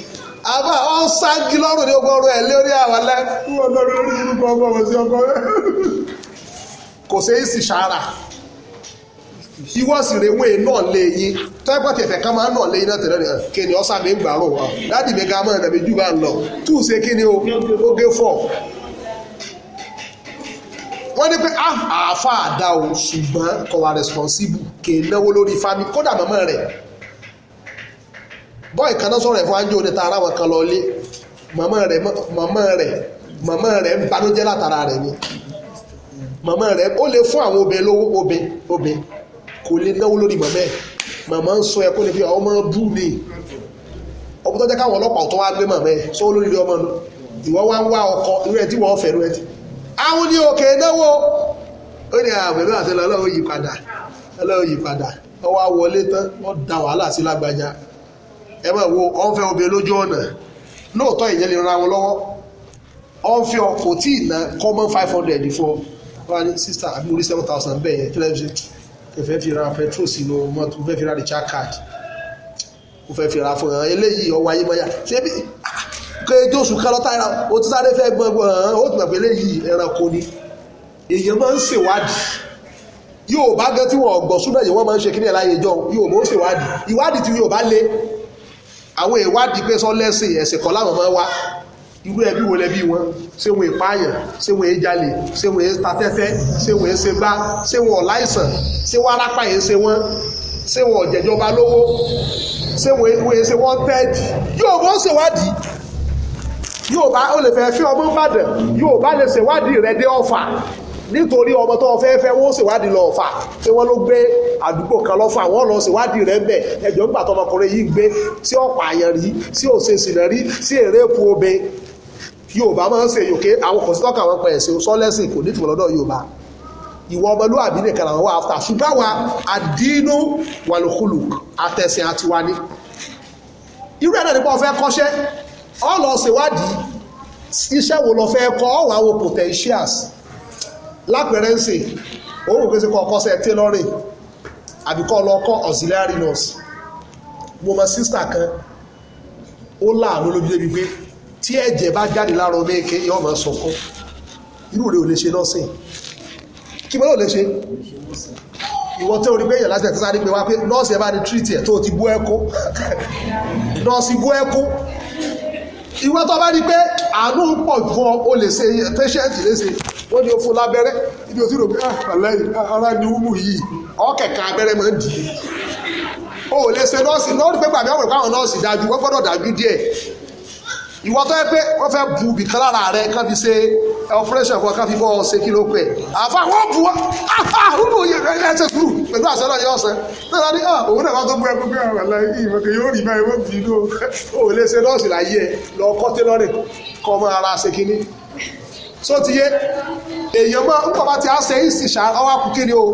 [SPEAKER 1] aba ọ ń ságí lọ́rùn ní ọgbọ́n rẹ̀ lórí àwàlẹ́ kò ṣe é sì ṣàrà ìwọ sì rèwé náà lé yín tọ́pọ̀ tẹ̀fẹ̀ kan máa ń nà lé yín náà tẹ̀lé rẹ̀ kí ni ọ̀sán mi ń gbàrò wa dáàdì mi ga mọ́ ẹ̀rẹ̀ mi jù bá ń lọ tù ṣe kí ni o ó gé fọ̀ wọ́n ní pé ah, àáfàá dá o ṣùgbọ́n kò wá responsible kì í náwó lórí fámi kódà màmá rẹ̀ bọ́ọ̀ì kan náà sọ̀rọ̀ ẹ̀fọ́ anjó ní tara àwọn kan lọ màmá rẹ̀ màmá rẹ̀ màmá rẹ̀ ń látara rẹ̀ ni màmá rẹ̀ ó lè fún àwọn obìnrin lówó obìnrin obìnrin kò lè náwó lórí màmá ẹ̀ màmá ń sọ ẹ̀kọ́ níbi ọmọ bú ma ọmọ tó jẹ́ káwọn ọlọ́pàá tó wá gbé màmá ẹ̀ sọ́wọ́ lórí ọmọ nu ìwọ wá ń wá ọkọ irú ẹ̀ tí wọ́n ẹ̀ tí àwọn òkè náwó ó ní ah, àti padà padà ọwọ́ tán wọ́n da wàhálà ẹ máa wo ọ ń fẹ́ obìnrin lójú ọ̀nà lóòótọ́ ìyẹn lè ra wọn lọ́wọ́ ọ ń tí ì common five hundred fún ọ wọn ní sista àbúrò seven thousand bẹ́ẹ̀ yẹn kílẹ̀ ṣe kẹfẹ́ fi ra petrol sínú mọ́tò fẹ́ fi ra recharge card kò fẹ́ fi ra fún ọ eléyìí ọwọ́ ayé mọ́yà ṣé bí ah, kéde oṣù kan lọ́tà ẹran o ti sáré fẹ́ gbọ́ngbọ́n hàn ó ti mọ̀ pé eléyìí ẹranko ni èèyàn máa ń ṣèwádìí yóò bá gẹ́ tí wọ́n gbọ́ súnà yìí wọ́n máa ń ṣe kí ní ẹ̀ láyé jọ yóò mọ̀ ń ṣèwádìí ìwádìí tí yóò bá le àwọn ìwádìí pé sọ́lẹ́sìn ẹ̀sìn kan láwọn máa wá irú ẹbí wo lẹbí wọn ṣé wọn ìpààyàn ṣé wọn ìjalè ṣé wọn ìtatẹ́tẹ́ ṣé wọn ìṣègbà ṣé wọn ọ̀láìsàn ṣé wọn arápá yẹn ṣe wọn ṣé wọn ọ̀jẹ̀jọba lówó ṣé wọn ìṣe wọn tẹ́ẹ̀dì yóò bó ṣèwádìí yóò bá ó lè fẹ́ fi ọmọ Ìbàdàn yóò bá lè ṣèwádìí rẹ̀ dé Ọ̀fà nítorí ọmọ tó fẹ́ fẹ́ wọ́n ṣèwádìí lọ fà pé wọ́n ló gbé àdúgbò kan lọ́fà wọ́n lọ ṣèwádìí rẹ̀ bẹ̀ ẹjọ́ nígbà tó ọmọkùnrin yìí gbé sí ọ̀pọ̀ àyàn rí sí òṣèṣìnà rí sí èrè epo obe Yorùbá máa ń ṣe yòókè àwọn kò sí tọ́ka àwọn pẹ̀lẹ́ ṣe sọ́lẹ́sìn kò ní ìtumọ̀ lọ́dọ̀ Yorùbá ìwọ ọmọlúwàbí nìkan làwọn wà áfta ṣùgbọ́n wa àdínú wàlúkúlù àtẹ̀sìn àti wa ní. irú ẹ̀dá nípa ọ̀fẹ́ kọ́ṣẹ́ ọ lọ ṣèwádìí iṣẹ́ wo lọ fẹ́ kọ́ ọ wà wo potentials lápẹ̀rẹ́ ń sè ó wò pé ṣe kọ́ ọkọ́ sẹ́ tailoring àbí kọ́ lọ kọ́ auxiliary nurse mo mọ sísà kan ó láàánú lójú débi pé tí ẹ̀jẹ̀ bá jáde lára ọmọ èké yọ ọmọ sọ̀kan irú rẹ̀ ò lè ṣe nursing kí mo lọ lè ṣe ìwọ tó rí bẹ́yẹ̀ láti ẹ̀sán nípe wá pé nọ́ọ̀sì ẹ bá ní tírìtì ẹ̀ tó ti bú ẹkú nọ́ọ̀sì bú ẹkú ìwọ tó bá rí pé àánú pọ̀ ju ọ o lè ṣe patient lè ṣe wọ́n ní o fún lábẹ́rẹ́ ibi o sì rò pé ah, ara ni wúmù yìí ọ̀kẹ̀kẹ̀ abẹ́rẹ́ máa ń dì í o ò lè ṣe nọ́ọ̀sì nọ́ọ̀sì pé gbàgbé àwọn ìpáwọn nọ́ọ̀sì dájú wọ́n gbọ́dọ̀ dájú díẹ̀ ìwọ tó yẹ pé wọ́n fẹ́ bu bìkan lára rẹ kán fi ṣe operation fún ọ kán fi bọ́ ọ ṣe kí ló pẹ́ àfa wọ́n bu ọ àfa rúbù ẹsẹ̀ sùúrù pẹ̀lú àṣẹ náà yọ ọ̀sẹ̀ náà ní ah, òun náà wọ́n tó bu ẹkú pé àwọn ah, ọ̀la ìmọ̀kẹ́ yóò rí báyìí wọ́n bì í lò ó lè ṣe nọ́ọ̀sì láyé ẹ lọ kọ́ tẹ́lọ́rì kọ́ mọ́ ara ṣe kínní so ti yé èèyàn máa ń pàpà tí a ṣe ìsìṣàrà ọwọ́ àkùkiri o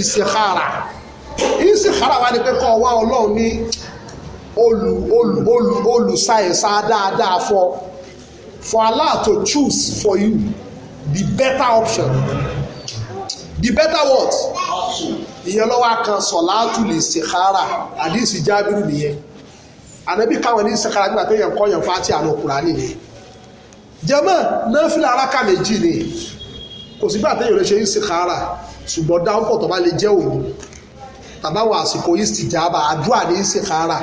[SPEAKER 1] ìsìkàrà ìsìkàrà wa ni pé kọ́ ọwọ́ ọlọ́run ní olù olù olù olùsáyẹ̀sá dáadáa fọ for Allah to choose for you the better option the better what ìyẹn lọ́wọ́ kan sọ̀láàtù lè ṣèkára àdìsí jábìrì nìyẹn ànábì káwọn ní ṣèkára nígbà tó yẹn kọ́ yẹn fún àti àlọ́ kùránì nìyẹn jẹ́mọ́ náfìlà aráka méjì ni kò sígbà téèyàn lè ṣe istikhara ṣùgbọ́n dáńpọ̀ tó bá lè jẹ́ òru tàbáwọn àsìkò istijaba àdúrà ní istikhara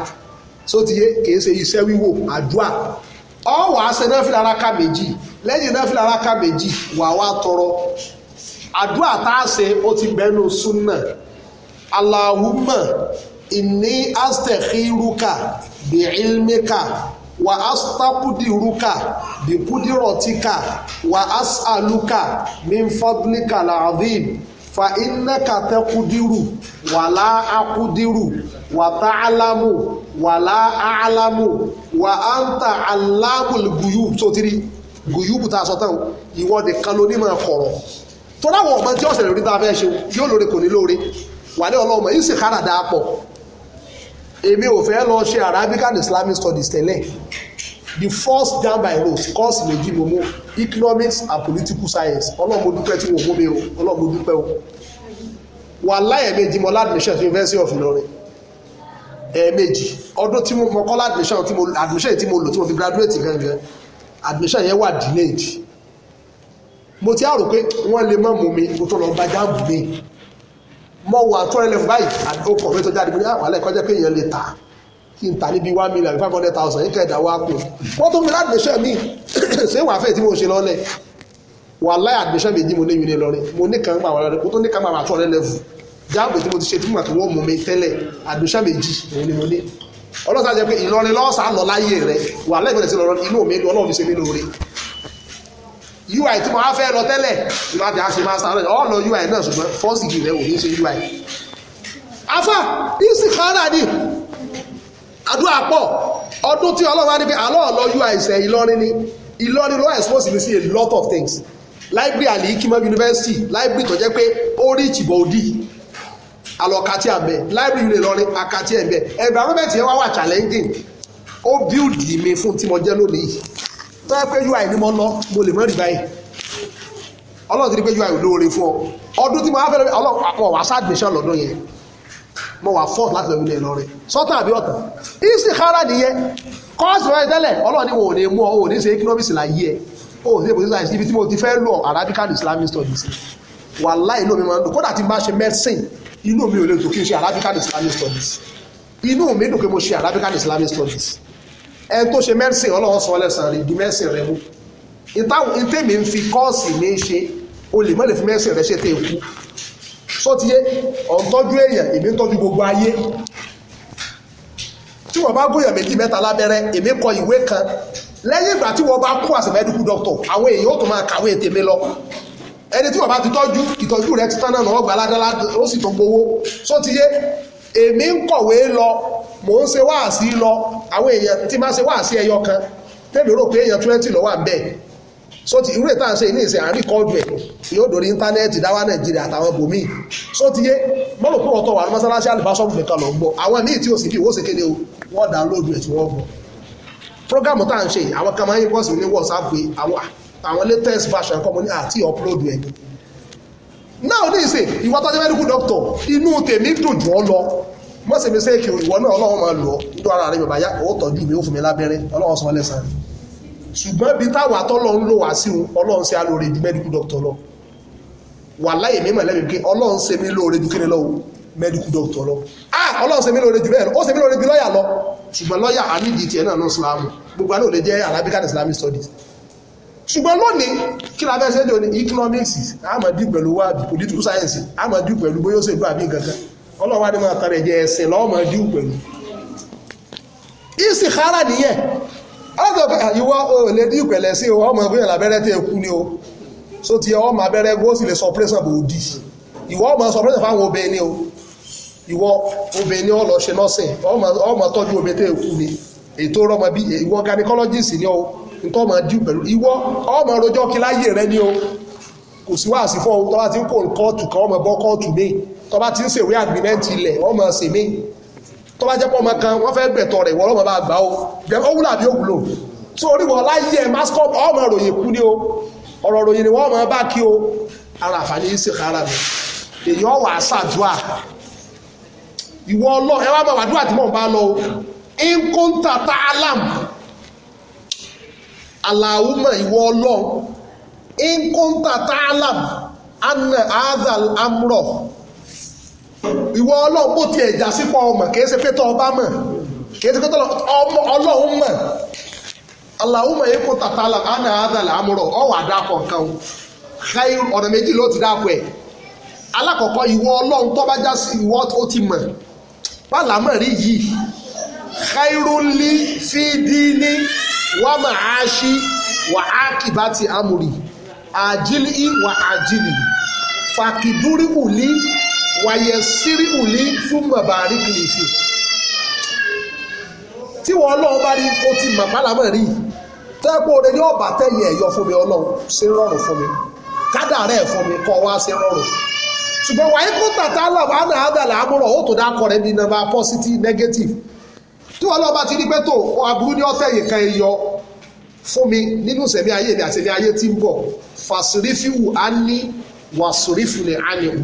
[SPEAKER 1] sótìyé kìí ṣe iṣẹ́ wíwò àdúrà ọ wàá ṣe náfìlà aráka méjì lẹ́yìn náfìlà aráka méjì wàá wá tọrọ àdúrà tá a ṣe ó ti bẹ́nu súnà Allahumma inni astakhiruka bi ilmika wà á stápùdìrúkà bìpùdìrọ̀tíkà wà á sàlùkà mímfọ́dúnìkà làdìm fa innaka taqdiru wa la aqdiru wa ta'lamu wa la a'lamu wa anta 'allamul ghuyub tó tiri gùyúbù tá a sọ tán ìwọ nìkan ló tó dáwọ̀ ọ̀gbọ́n tí ọ̀sẹ̀ lórí tá a fẹ́ ṣe yóò lóore kò ní lóore wà ní ọlọ́mọ yìí sì kára dáa pọ̀ èmi ò fẹ́ lọ ṣe Arabic and Islamic studies tẹ́lẹ̀ the first down by road course méjì mo mú economics and political science ọlọ́run mo dúpẹ́ tí mo mú mi o ọlọ́run mo dúpẹ́ o wà láyé méjì mo ládùmíṣẹ́ sí University of Ìlọrin ẹ̀ẹ̀mejì ọdún tí mo kọ́ ládùmíṣẹ́ tí mo admission tí mo lò tí mo fi graduate gangan admission yẹn wà delayed mo ti á rò pé wọ́n lè má mú mi mo tó lọ gba jáàmù mi mo wà twenty eleven báyìí àti ó kọ̀wé tó jáde pé àwọn alẹ́ ah, kọjá pé èèyàn lè tà kí n tà níbi one million five hundred thousand yín kẹ̀dá wá kù wọ́n tó fi rá admission mi ṣé wàá fẹ́ tí mo ṣe lọ́lẹ̀ wà láì admission méjì mo ní ìwé lọ́rin mo ní kan máa wà lọ́rin mo tó ní kan máa wà twenty eleven jáàbù tí mo ti ṣe tí mo àti wọ́n mú mi tẹ́lẹ̀ admission méjì òun ni mo ní ọlọ́sàn jẹ́ pé Ìlọrin lọ́sàn-án lọ láyé rẹ̀ wà láì fẹ́ ui tí mo wá fẹ́ lọ tẹ́lẹ̀ tí má ti á ṣe master lọ ọ lọ ui náà ṣùgbọ́n fọ́ọ̀sì rẹ ò ní ṣe ui afa istikhara ni àdúrà pọ̀ ọdún tí ọlọ́run wá ní pé àlọ́ ọ̀lọ́ ui ṣe Ìlọrin ni Ìlọrin ló expose me see a lot of things library alikima university library tó jẹ́ pé ó rí ìtìbọ̀ òdì alọ́kàtí àbẹ̀ library rẹ̀ lọ́rin akàtí ẹ̀bẹ̀ environment yẹn wá wà challenging ó build mi fún tí mo jẹ́ lónìí tó yẹ pé ui ni mo lọ mo lè mọ́ rí báyìí ọlọ́run ti rí pé ui olóore fún ọ ọdún tí mo wá fẹ́ lọ ọlọ́run àpọ̀ wá sáàdìmíṣàn lọ́dún yẹn mo wà fọ́ọ̀ láti lọ ilé Ìlọrin sọ́tàn àbí ọ̀tàn ìsìkára nìyẹn kọ́ọ̀sì rẹ̀ tẹ́lẹ̀ ọlọ́run ni wọn ò ní mú ọ ò ní ṣe economics láyé ẹ̀ ò ní ṣe political science ibi tí mo ti fẹ́ lọ Arabic and Islamic studies wàláì inú mi máa ń dùn kódà tí n bá ṣe medicine inú mi ò lè dùn kí n ṣe Arabic Islamic studies inú mi dùn kí mo ṣe Arabic Islamic studies ẹni tó ṣe mẹ́sìn ọlọ́run sọ lẹ́sàn rẹ̀ di mẹ́sìn rẹ̀ mú ìtẹ́mi ń fi kọ́ọ̀sì ní í ṣe o lè mọ́ lè fi mẹ́sìn rẹ̀ ṣe tẹ́ ikú sọ́tiyé ọ̀ntọ́jú èèyàn èmi ń tọ́jú gbogbo ayé tí wọ́n bá gbóyàn méjì mẹ́ta lábẹ́rẹ́ èmi kọ ìwé kan lẹ́yìn ìgbà tí wọ́n bá kú àṣẹ mẹ́díkù dọ́kítọ̀ àwọn èèyàn ó tún máa kàwé tèmi lọ ẹni tí wọ́n bá ti tọ́jú ìtọ́jú rẹ̀ ti tán náà wọ́n gbà ládàlá ó sì tó gbowó sọ́tiyé èmi ń kọ̀wé lọ mò ń ṣe wáàsí lọ àwọn èèyàn tí máa ṣe wáàsí ẹyọ kan tẹ́mi rò pé twenty lọ wà bẹ́ẹ̀ so ti irú ètò àṣẹ ilé ìsìn àárín kọ́ọ̀dù ẹ̀ yóò dòrí íńtánẹ́ẹ̀tì dáwà nàìjíríà àtàwọn ibòmíì so ti yé mọ́lò pé wọ́n tọ̀ wà lọ gbọ́ àwọn míì tí sì bí ṣèkéde wọ́n dá lóòdù ẹ̀ tí wọ́n gbọ́ tá à ń ṣe àwọn kan latest version àti náà ní ìsìn ìwà tó jẹ́ medical doctor inú tèmi dùn jù ọ lọ mọ́ sí mi sí èkì ìwọ náà ọlọ́run máa lọ tó ara rẹ̀ bàbá yá ó tọ́jú mi ó fún mi lábẹ́rẹ́ ọlọ́run sọ lẹ́sàn ṣùgbọ́n bí táwà tọ́lọ́run lò wá sí ọlọ́run sí alóore ju medical doctor lọ wà láyè mímọ̀ lẹ́bi pé ọlọ́run ṣe mí lóore ju kíni lọ́wọ́ medical doctor lọ ah ọlọ́run ṣe mí lóore ju bẹ́ẹ̀ lọ ó ṣe mí lóore ju lọ́yà lọ ṣùgbọ́n lọ́yà àníjì tiẹ̀ náà ní ìsìlámù gbogbo àná ò lè jẹ́ arabic and islamic studies ṣùgbọ́n lónìí kí la fẹ́ ṣe dé ní economics àmọ̀dí pẹ̀lú wà political science àmọ̀dí pẹ̀lú bóyá ó ṣe ìlú àbí nǹkan kan ọlọ́wà ni máa tara ẹ̀jẹ̀ ẹ̀sìn lọ́mọdí pẹ̀lú ìsìkára nìyẹn ọlọ́dọ̀ ìwọ olè dí ìpẹ̀lẹ̀ sí ọmọ ìpínlẹ̀ lábẹ́rẹ́ tí ẹkú ni o so ti ọmọ abẹ́rẹ́ gbó sì lè sọ pírẹ́sàn bò dì ìwọ ọmọ sọ pírẹ́sàn fáwọn obìnrin ni o ìwọ obìnrin ọlọ́ṣe nọ́sìn ọmọ tọ́jú obìnrin tí ẹkú ni ètò ọmọ bí ìwọ gynecologist ni o nítorí ọmọ díù pẹ̀lú ìwọ ọmọ rojọ́ kí láyé rẹ ní o kò sí wáàsí fún ọ tọ́ba ti ń kó kóòtù kan ọmọ bọ́ kóòtù mi tọ́ba ti ń ṣèwé àgbìmẹ́ǹtì ilẹ̀ ọmọ ṣe mi tọ́ba jẹ́ pọ́ ọmọ kan wọ́n fẹ́ gbẹ̀tọ̀ rẹ̀ wọ́n lọ́mọ bá gbà ó ó wúlò àbí òwúlò tó orí wọn láyé ẹ̀ mascom ọmọ ròyìn kú ni o ọ̀rọ̀ ròyìn ni wọ́n mọ̀ bá kí o ara àfààní yìí sì kára mi èyí ọ̀wà àṣàdúà ìwọ ọlọ́ ẹ wá mọ̀ wàdúà tí mò ń bá lọ o in kóńtà tá a lámù aláwùmọ̀ ìwọ ọlọ́run ìkúntà tààlàm anna adal amrọ ìwọ ọlọ́run bó ti ẹ̀já sípò ọmọ kìí ṣe pé tọ́ ọba mọ̀ kìí ṣe pé tọ́ ọmọ ọlọ́run mọ̀ aláwùmọ̀ ìkúntà tààlàm anna adal amrọ ọwọ́ àdàkọ̀ kan ọ̀nà méjì ló ti dáko ẹ̀ alákọ̀ọ́kọ́ ìwọ ọlọ́run tó já sí ìwọ ó ti mọ̀ pálámọ̀ rí yìí khairun li fi dini wà máa ṣí wà á kìbá ti amòrì àjílì wà àjílì fàkìdúrí wùlí wàyẹ̀ sírí wùlí fún bàbá àríkìlìfì tí wọ́n lọ́wọ́ bá rí o ti màmá làmọ́ rí tẹ́pọ̀ rẹ ní ọ̀bà tẹ́yẹ ẹ̀yọ fún mi ọlọ́run ṣe rọrùn fún mi kádà rẹ̀ fún mi kọ́ wá ṣe rọrùn ṣùgbọ́n wàyí kó tàtà làwọn àná àdàlà àmúrọ̀ ó tó dá kọ́ rẹ̀ bí number positive negative tí wọ́n lọ́ọ́ bá ti rí pé tó aburú ní ọ̀fẹ́ yìí kan yọ fún mi nínú ìṣẹ̀mí ayé mi àti ìṣẹ̀mí ayé tí ń bọ̀ fàṣírífìwù á ní wàṣírífìlẹ̀ á ní wù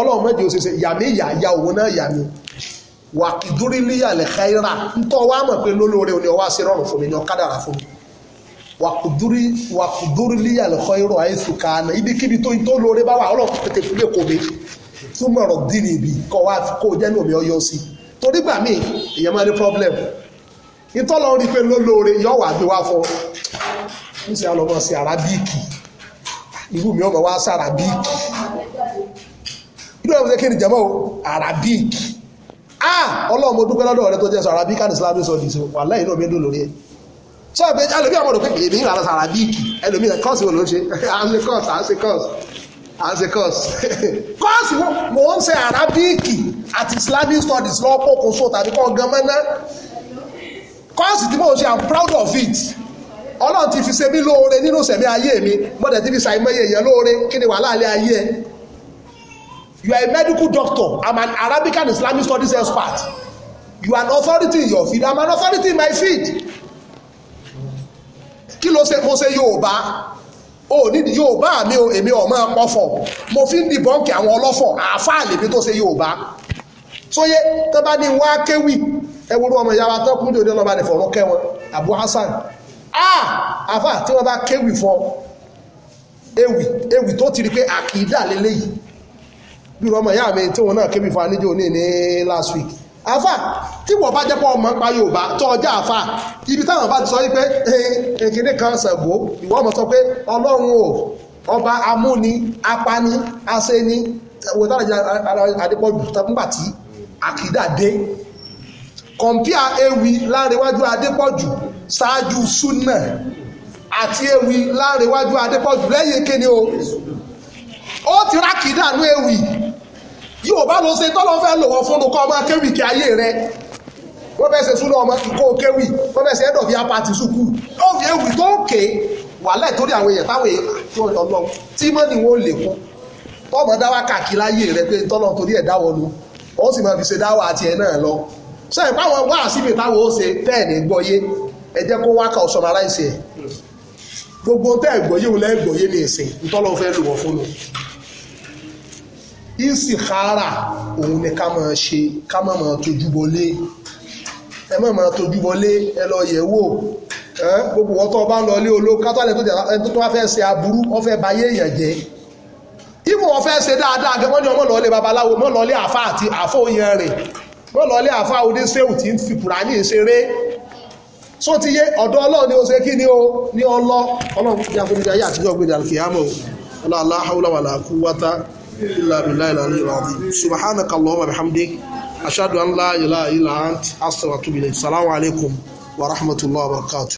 [SPEAKER 1] ọlọ́run mẹ́jọ ó ṣe ṣe yàmí ìyá ya òun náà yàmí wàkìdúrí líyàlẹ̀ xẹ́yìrà ntọ́ wa mọ̀ pé lólóore òní ọwọ́ àṣẹ rọrùn fún mi ní ọ̀kadàrà fún mi wàkùdúrí wàkùdúrí líyàlẹ̀ xẹ́yìrà àìsù kàánà ibi kíbi tó tó lóore bá wà ọlọ́run tètè fúlẹ̀ kò mi túmọ̀ ọ̀rọ̀ dì níbi kọ́ wa kó jẹ́ ní omi ọyọ́ sí i torí gbà míì èèyàn máa ní problem ìtọ́lọ rí pé lólóore yọ wà gbé wá fọ ń ṣe àlọ́ mọ̀ sí arábíìkì irú mi ọmọ wa sí arábíìkì irú ọmọ ṣe kí ni jẹ́mọ́ o arábíìkì ah ọlọ́run mo dúpẹ́ lọ́dọ̀ rẹ tó jẹ́ sọ arábíìkì and islamic studies o wà lẹ́yìn náà mi dùn lórí ẹ̀ sọ pé ẹlòmíì àwọn ọ̀dọ́ pé èmi ìlànà arábíìkì ẹlòmíì kọ́ọ̀sì wo ló ń ṣe à ń ṣe kọ́ọ̀sì à ń ṣe kọ́ọ̀sì as a course course mo ń ṣe Arabic àti Islamic studies lọ́wọ́ kókó so tàbí kọ́ gan mọ́ná course tí mo ṣe I'm proud of it Ọlọ́run ti fi ṣe mí lóore nínú sẹ̀mí ayé mi mọ́tẹ̀ tí fi ṣàìmọye èèyàn lóore kí ni wàhálà ilé ayé ẹ you are a medical doctor I'm an Arabic and Islamic studies expert you are an authority in your field I'm an authority in my field kí ló ṣe mo ṣe Yorùbá o nídìí yorùbá mi o èmi ò máa pọ̀fọ̀ mo fi ń dìbọ́ǹkì àwọn ọlọ́fọ̀ àáfàá lèmi tó ṣe yorùbá sóyé tó bá ní wá kéwì ẹwúrú ọmọ ìyá wa tó kún jòdì ọlọ́ba ní fọ̀rọ̀ kẹ́ wọn Abu Hasan ah àfà tí wọ́n bá kéwì fọ ewì ewì tó ti rí pé àkìdá lélẹ́yìí bí ọmọ ìyá mi tí wọn náà kéwì fọ aníjó ní ní last week àfà tí wọ́n bá jẹ́ pọ́ ọmọ pa Yorùbá tó ọjà àfà ibi táwọn bá ti sọ wípé èkéde kan ṣàgbó ìwọ́n mọ̀ sọ pé ọlọ́run o ọba amúni apani aseni wọ́n dára jẹ́ adépọ̀jù nígbà tí àkìdá dé kọ̀mpíà ewì láàrẹ̀wájú adépọ̀jù ṣáájú súnà àti ewì láàrẹ̀wájú adépọ̀jù lẹ́yìn kéde o ó ti rákìdá nú ewì yóò bá lọ ṣe tọ́lọ́ fẹ́ lò wọ́n fún un kọ́ ọmọ kéwì kí ayé rẹ wọ́n fẹ́ ṣe súnú ọmọ ìkó kéwì wọ́n fẹ́ ṣe end of year party sùkú ó fi ewì tó ké wàhálà ìtòrí àwọn èèyàn táwọn èèyàn ah, tí wọ́n lọ tí mọ́ ni wọ́n lè kún tọ́mọ dáwà káàkiri ayé rẹ pé tọ́lọ́ torí ẹ̀ dáwọ́ lu ó sì máa fi ṣe dáwọ́ àti ẹ̀ náà lọ sọ ìpá wọn wá síbi táwọn ó ṣe tẹ́ẹ̀ ní gbọ́yé ẹ jẹ́ kó wákà ọ̀sán ara ìṣe ẹ̀ gbọ́yé òun lẹ́ẹ̀ gbọ́yé ní ìsìn ntọ́lọ́ fẹ́ lò fún mi ìsìkára òun ni ká máa ṣe ká máa máa tójú bọlé ẹ máa máa tójú bọlé ẹ lọ yẹ̀ wò gbogbo wọn tó bá ń lọ ilé olówó kátó àlẹ tó tó wá fẹ́ ṣe aburú wọ́n fẹ́ ba ayé èèyàn jẹ́ ìmọ̀ wọ́n fẹ́ ṣe dáadáa gẹ́gẹ́ wọ́n ní ọmọ lọ́ọ́lé babaláwo mọ́ lọ́ọ́lé àfa àti àfọ òyìn rẹ̀ mọ́ lọ́ọ́lé àfa oníṣẹ́wù tí ń fi pùrání ṣeré só ti yé ọ̀dọ̀ ọlọ́run ni ó ṣe kí ni ó ní ọlọ́ ọlọ́run kúkú ní akóbíjà yé àtijọ́ gbé إلا بالله العلي العظيم سبحانك اللهم بحمدك أشهد أن لا إله إلا أنت أستغفرك السلام عليكم ورحمة الله وبركاته